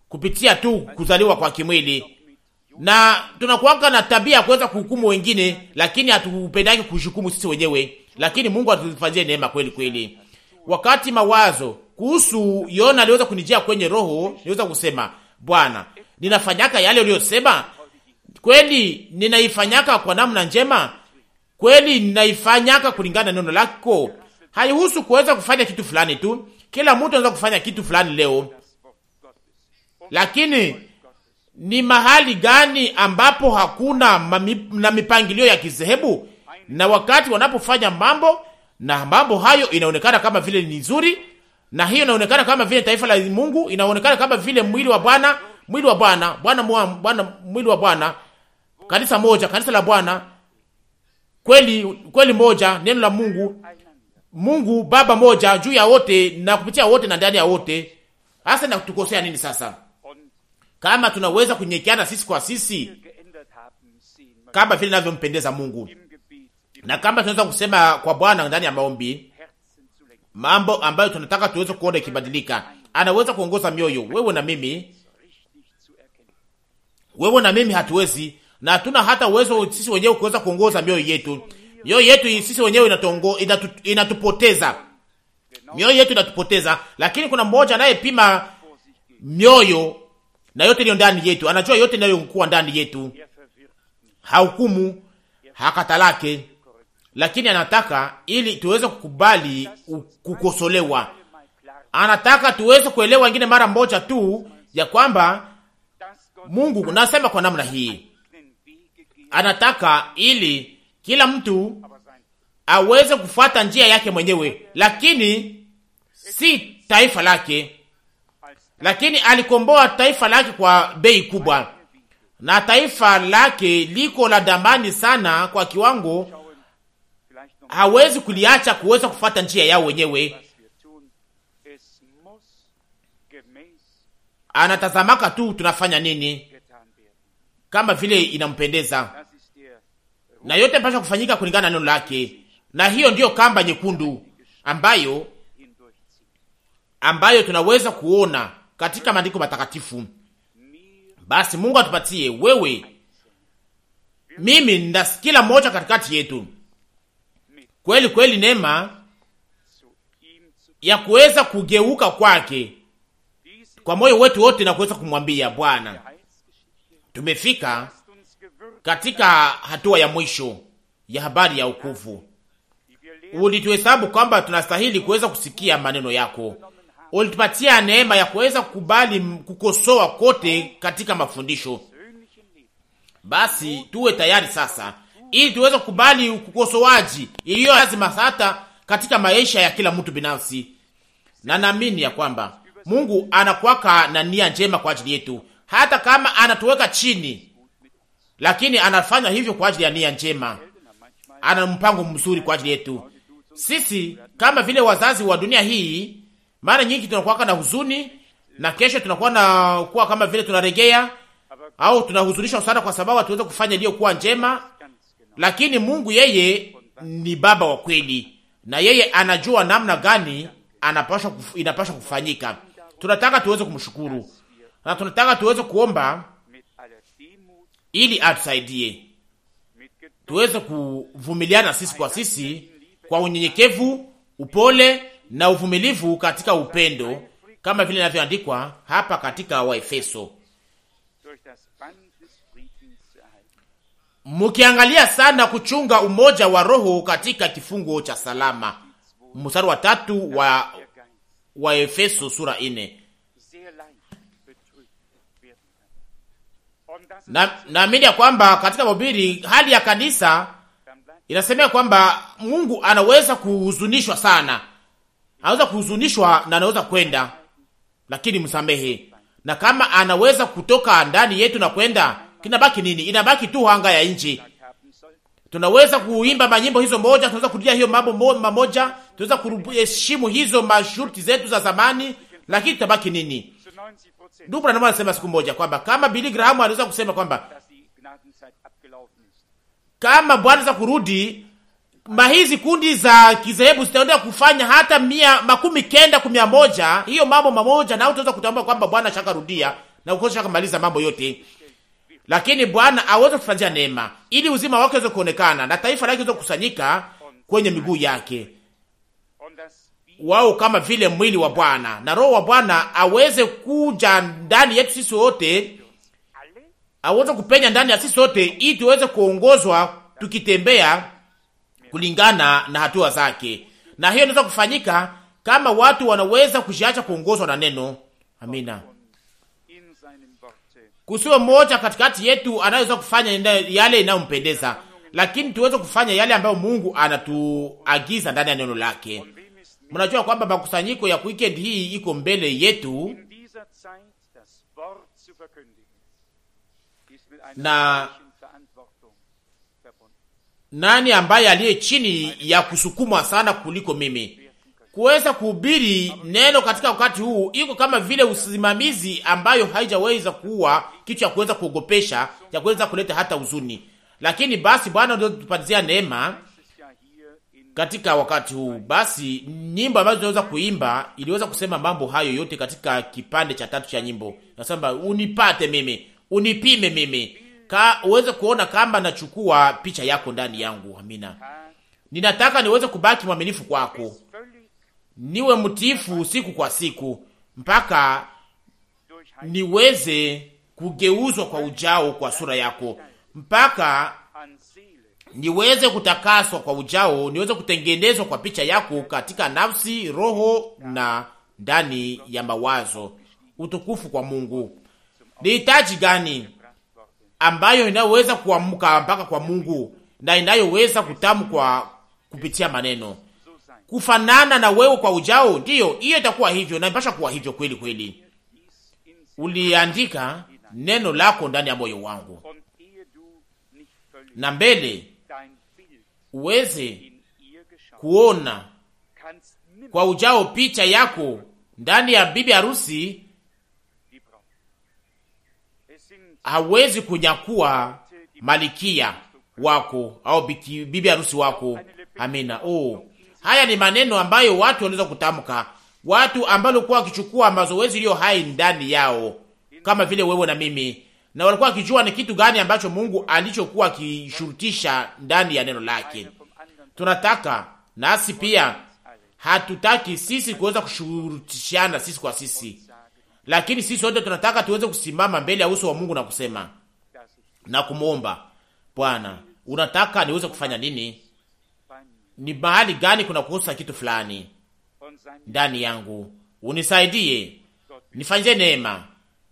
B: kupitia tu kuzaliwa kwa kimwili na tunakuwanga na tabia ya kuweza kuhukumu wengine, lakini hatupendaki kuhukumu sisi wenyewe. Lakini Mungu atufanyie neema kweli kweli. Wakati mawazo kuhusu Yona aliweza kunijia kwenye roho, niweza kusema Bwana, ninafanyaka yale uliyosema kweli? Ninaifanyaka kwa namna njema kweli? Ninaifanyaka kulingana neno lako? Haihusu kuweza kufanya kitu fulani tu. Kila mtu anaweza kufanya kitu fulani leo, lakini ni mahali gani ambapo hakuna mami, na mipangilio ya kizehebu, na wakati wanapofanya mambo na mambo hayo inaonekana kama vile ni nzuri, na hiyo inaonekana kama vile taifa la Mungu, inaonekana kama vile mwili wa Bwana, mwili wa Bwana, Bwana Bwana, mwili wa Bwana, kanisa moja, kanisa la Bwana, kweli kweli moja, neno la Mungu, Mungu Baba moja, juu ya wote na kupitia wote na ndani ya wote. Hasa na kutukosea nini sasa? kama tunaweza kunyekeana sisi kwa sisi kama vile inavyompendeza Mungu, na kama tunaweza kusema kwa Bwana ndani ya maombi mambo ambayo tunataka tuweze kuona ikibadilika. Anaweza kuongoza mioyo. Wewe na mimi, wewe na mimi hatuwezi na hatuna hata uwezo sisi wenyewe kuweza kuongoza mioyo yetu. Mioyo yetu sisi wenyewe inatongo, inatu, inatupoteza. Mioyo yetu inatupoteza, lakini kuna mmoja anayepima mioyo na yote iliyo ndani yetu, anajua yote inayokuwa ndani yetu, hahukumu hakatalake, lakini anataka ili tuweze kukubali kukosolewa. Anataka tuweze kuelewa ingine mara moja tu ya kwamba Mungu nasema kwa namna hii, anataka ili kila mtu aweze kufuata njia yake mwenyewe, lakini si taifa lake lakini alikomboa taifa lake kwa bei kubwa, na taifa lake liko la damani sana kwa kiwango hawezi kuliacha kuweza kufata njia yao wenyewe. Anatazamaka tu tunafanya nini, kama vile inampendeza, na yote pasha kufanyika kulingana na neno lake. Na hiyo ndiyo kamba nyekundu ambayo ambayo tunaweza kuona katika maandiko matakatifu. Basi Mungu atupatie wewe, mimi na kila mmoja katikati yetu kweli kweli neema ya kuweza kugeuka kwake kwa moyo wetu wote na kuweza kumwambia Bwana, tumefika katika hatua ya mwisho ya habari ya ukufu. Ulituhesabu kwamba tunastahili kuweza kusikia maneno yako, ulitupatia neema ya kuweza kukubali kukosoa kote katika mafundisho. Basi tuwe tayari sasa, ili tuweze kukubali ukosoaji iliyo lazima hata katika maisha ya kila mtu binafsi, na naamini ya kwamba Mungu anakuwaka na nia njema kwa ajili yetu, hata kama anatuweka chini, lakini anafanya hivyo kwa ajili ya nia njema. Ana mpango mzuri kwa ajili yetu sisi, kama vile wazazi wa dunia hii mara nyingi tunakuwa na huzuni na kesho tunakuwa na kuwa kama vile tunaregea au tunahuzunishwa sana, kwa sababu hatuweza kufanya iliyokuwa njema. Lakini Mungu yeye ni baba wa kweli, na yeye anajua namna gani anapaswa kuf, inapaswa kufanyika. Tunataka tuweze kumshukuru na tunataka tuweze kuomba ili atusaidie tuweze kuvumiliana sisi kwa sisi kwa unyenyekevu, upole na uvumilivu katika upendo, kama vile inavyoandikwa hapa katika Waefeso. Mukiangalia sana kuchunga umoja wa roho katika kifungo cha salama, mstari wa tatu wa Waefeso sura ine. Naamini na ya kwamba katika mahubiri hali ya kanisa inasemea kwamba Mungu anaweza kuhuzunishwa sana anaweza kuhuzunishwa na anaweza kwenda, lakini msamehe. Na kama anaweza kutoka ndani yetu na kwenda, kinabaki nini? Inabaki tu hanga ya nchi. Tunaweza kuimba manyimbo hizo moja, tunaweza kurudia hiyo mambo mamoja, tunaweza kuheshimu hizo masharti zetu za zamani, lakini tabaki nini? Ndugu Branham anasema siku moja kwamba kama Billy Graham anaweza kusema kwamba kama Bwana za kurudi hizi kundi za kizehebu zitaenda kufanya hata mia makumi kenda kumia moja hiyo mambo mamoja, na utaweza kutambua kwamba Bwana rudia na ukosa shakamaliza mambo yote, lakini Bwana aweze kufanyia neema ili uzima wake uweze kuonekana na taifa lake liweze kukusanyika kwenye miguu yake wao kama vile mwili wa Bwana na roho wa Bwana aweze kuja ndani yetu sisi wote, aweze kupenya ndani ya sisi wote, ili tuweze kuongozwa tukitembea kulingana na hatua zake, na hiyo inaweza kufanyika kama watu wanaweza kujiacha kuongozwa na neno. Amina. Kusiwe mmoja katikati yetu anayeweza kufanya yale inayompendeza, lakini tuweze kufanya yale ambayo Mungu anatuagiza ndani ya neno lake. Mnajua kwamba makusanyiko ya weekend hii iko mbele yetu na nani ambaye aliye chini ya kusukumwa sana kuliko mimi? Kuweza kuhubiri neno katika wakati huu iko kama vile usimamizi ambayo haijaweza kuwa kitu ya kuweza kuogopesha, ya kuweza kuleta hata huzuni. Lakini basi Bwana ndio neema katika wakati huu. Basi nyimbo ambazo tunaweza kuimba iliweza kusema mambo hayo yote katika kipande cha tatu cha nyimbo. Nasema unipate mimi, unipime mimi ka uweze kuona kama nachukua picha yako ndani yangu. Amina. Ninataka niweze kubaki mwaminifu kwako, niwe mtiifu siku kwa siku, mpaka niweze kugeuzwa kwa ujao kwa sura yako, mpaka niweze kutakaswa kwa ujao, niweze kutengenezwa kwa picha yako katika nafsi, roho na ndani ya mawazo. Utukufu kwa Mungu. Ni hitaji gani ambayo inayoweza kuamka mpaka kwa Mungu na inayoweza kutamkwa kupitia maneno kufanana na wewe kwa ujao. Ndiyo, hiyo itakuwa hivyo na ipasha kuwa hivyo kweli kweli. Uliandika neno lako ndani ya moyo wangu, na mbele uweze kuona kwa ujao picha yako ndani ya bibi harusi hawezi kunyakua malikia wako au biki, bibi harusi wako. Amina. Oh, haya ni maneno ambayo watu wanaweza kutamka, watu ambao walikuwa wakichukua mazoezi iliyo hai ndani yao, kama vile wewe na mimi, na walikuwa wakijua ni kitu gani ambacho Mungu alichokuwa akishurutisha ndani ya neno lake. Tunataka nasi pia hatutaki sisi kuweza kushurutishana sisi kwa sisi, lakini sisi wote tunataka tuweze kusimama mbele ya uso wa Mungu na kusema na kumwomba Bwana, unataka niweze kufanya nini? Ni mahali gani kuna kukosa kitu fulani ndani yangu? Unisaidie, nifanyie neema.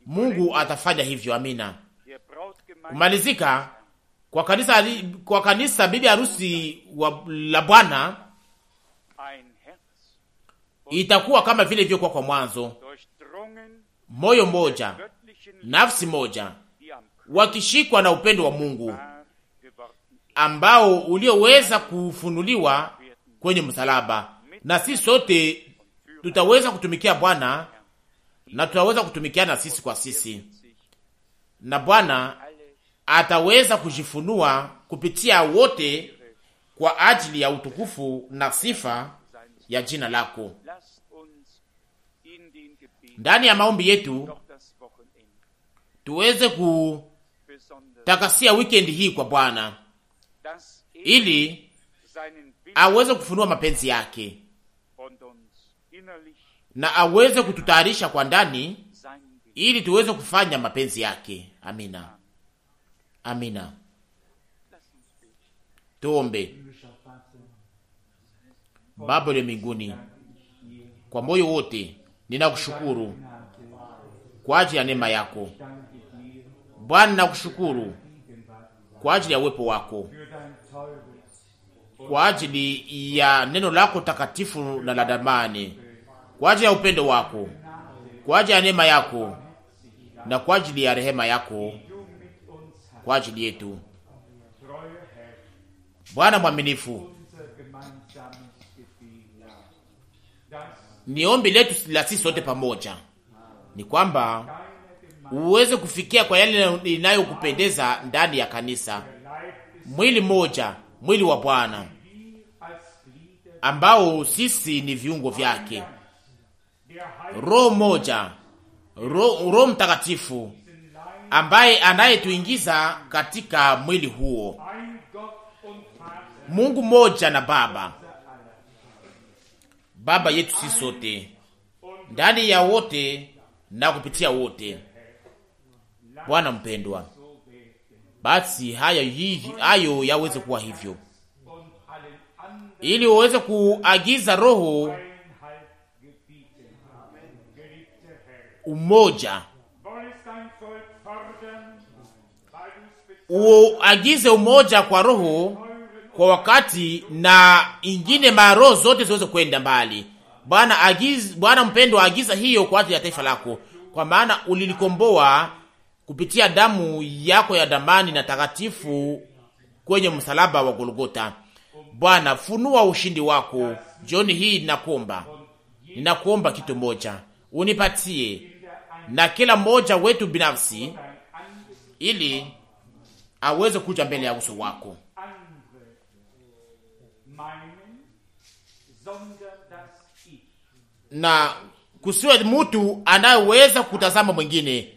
B: Mungu atafanya hivyo, amina. Kumalizika kwa kanisa, kwa kanisa bibi harusi wa la Bwana itakuwa kama vile ilivyokuwa kwa mwanzo moyo moja, nafsi moja, wakishikwa na upendo wa Mungu ambao ulioweza kufunuliwa kwenye msalaba, na sisi sote tutaweza kutumikia Bwana na tutaweza kutumikiana sisi kwa sisi, na Bwana ataweza kujifunua kupitia wote kwa ajili ya utukufu na sifa ya jina lako ndani ya maombi yetu tuweze
A: kutakasia
B: wikendi hii kwa Bwana er ili aweze kufunua mapenzi yake na aweze kututayarisha kwa ndani ili tuweze kufanya mapenzi yake. Amina, amina. Tuombe. Baba wa mbinguni, kwa moyo wote Ninakushukuru kwa ajili ya neema yako Bwana, ninakushukuru kwa ajili ya uwepo wako, kwa ajili ya neno lako takatifu na la damani, kwa ajili ya upendo wako, kwa ajili ya neema yako na kwa ajili ya rehema yako kwa ajili yetu. Bwana mwaminifu, ni ombi letu la sisi sote pamoja, ni kwamba uweze kufikia kwa yale inayokupendeza ndani ya kanisa, mwili moja mwili wa Bwana ambao sisi ni viungo vyake, roho moja, Roho Mtakatifu ambaye anayetuingiza katika mwili huo, Mungu moja na Baba Baba yetu sisi sote, ndani ya wote na kupitia wote. Bwana mpendwa, basi haya hii hayo yaweze kuwa hivyo, ili uweze kuagiza roho umoja uagize umoja kwa roho kwa wakati na ingine maroho zote ziweze kwenda mbali. Bwana agiz, Bwana mpendwa, agiza hiyo kwa ajili ya taifa lako, kwa maana ulilikomboa kupitia damu yako ya damani na takatifu kwenye msalaba wa Golgota. Bwana, funua ushindi wako jioni hii. Ninakuomba, ninakuomba kitu moja, unipatie na kila mmoja wetu binafsi, ili aweze kuja mbele ya uso wako. na kusiwe mtu anayeweza kutazama mwingine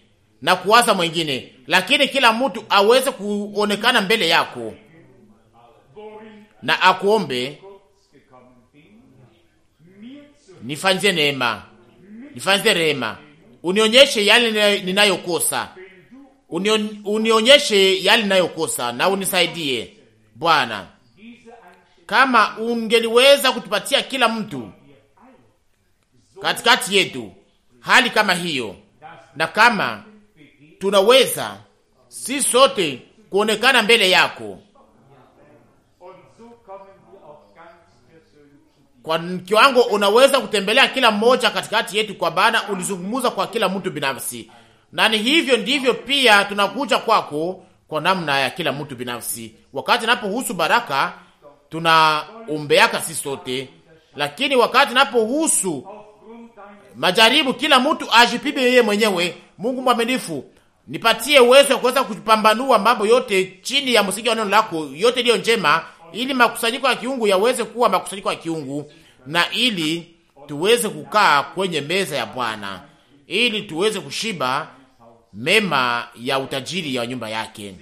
B: na kuwaza mwingine, lakini kila mtu aweze kuonekana mbele yako na akuombe, nifanzie neema, nifanzie rehema, unionyeshe yale ninayokosa, unionyeshe yale ninayokosa na unisaidie Bwana. Kama ungeliweza kutupatia kila mtu katikati yetu hali kama hiyo, na kama tunaweza si sote kuonekana mbele yako kwa kiwango unaweza kutembelea kila mmoja katikati yetu, kwa maana ulizungumza kwa kila mtu binafsi, na ni hivyo ndivyo pia tunakuja kwako kwa namna ya kila mtu binafsi. Wakati napohusu baraka tunaombeaka si sote, lakini wakati napohusu majaribu, kila mtu ajipime yeye mwenyewe. Mungu mwaminifu, nipatie uwezo wa kuweza kupambanua mambo yote chini ya msingi wa neno lako, yote iliyo njema, ili makusanyiko ya kiungu yaweze kuwa makusanyiko ya kiungu, na ili tuweze kukaa kwenye meza ya Bwana, ili tuweze kushiba mema ya utajiri ya nyumba yake.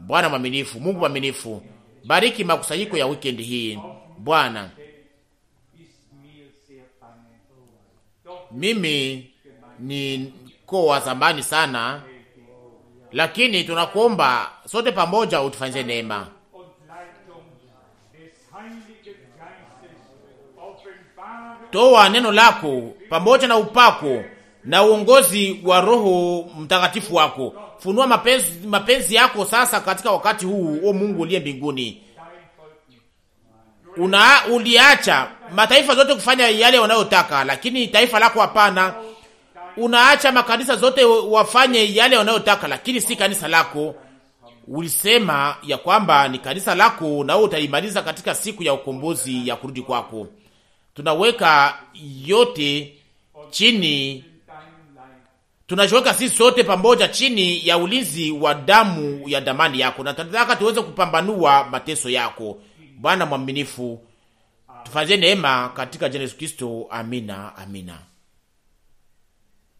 B: Bwana mwaminifu, Mungu mwaminifu, bariki makusanyiko ya weekend hii Bwana. mimi niko wa zamani sana, lakini tunakuomba sote pamoja utufanyie neema Toa neno lako pamoja na upako na uongozi wa Roho Mtakatifu wako. Funua mapenzi, mapenzi yako sasa katika wakati huu, o Mungu uliye mbinguni una uliacha mataifa zote kufanya yale wanayotaka, lakini taifa lako hapana. Unaacha makanisa zote wafanye yale wanayotaka, lakini si kanisa lako. Ulisema ya kwamba ni kanisa lako na utaimaliza katika siku ya ukombozi ya kurudi kwako. Tunaweka yote chini, tunachoweka sisi sote pamoja chini ya ulinzi wa damu ya damani yako, na tunataka tuweze kupambanua mateso yako Bwana mwaminifu, tufanyie neema katika jina Yesu Kristo. Amina, amina.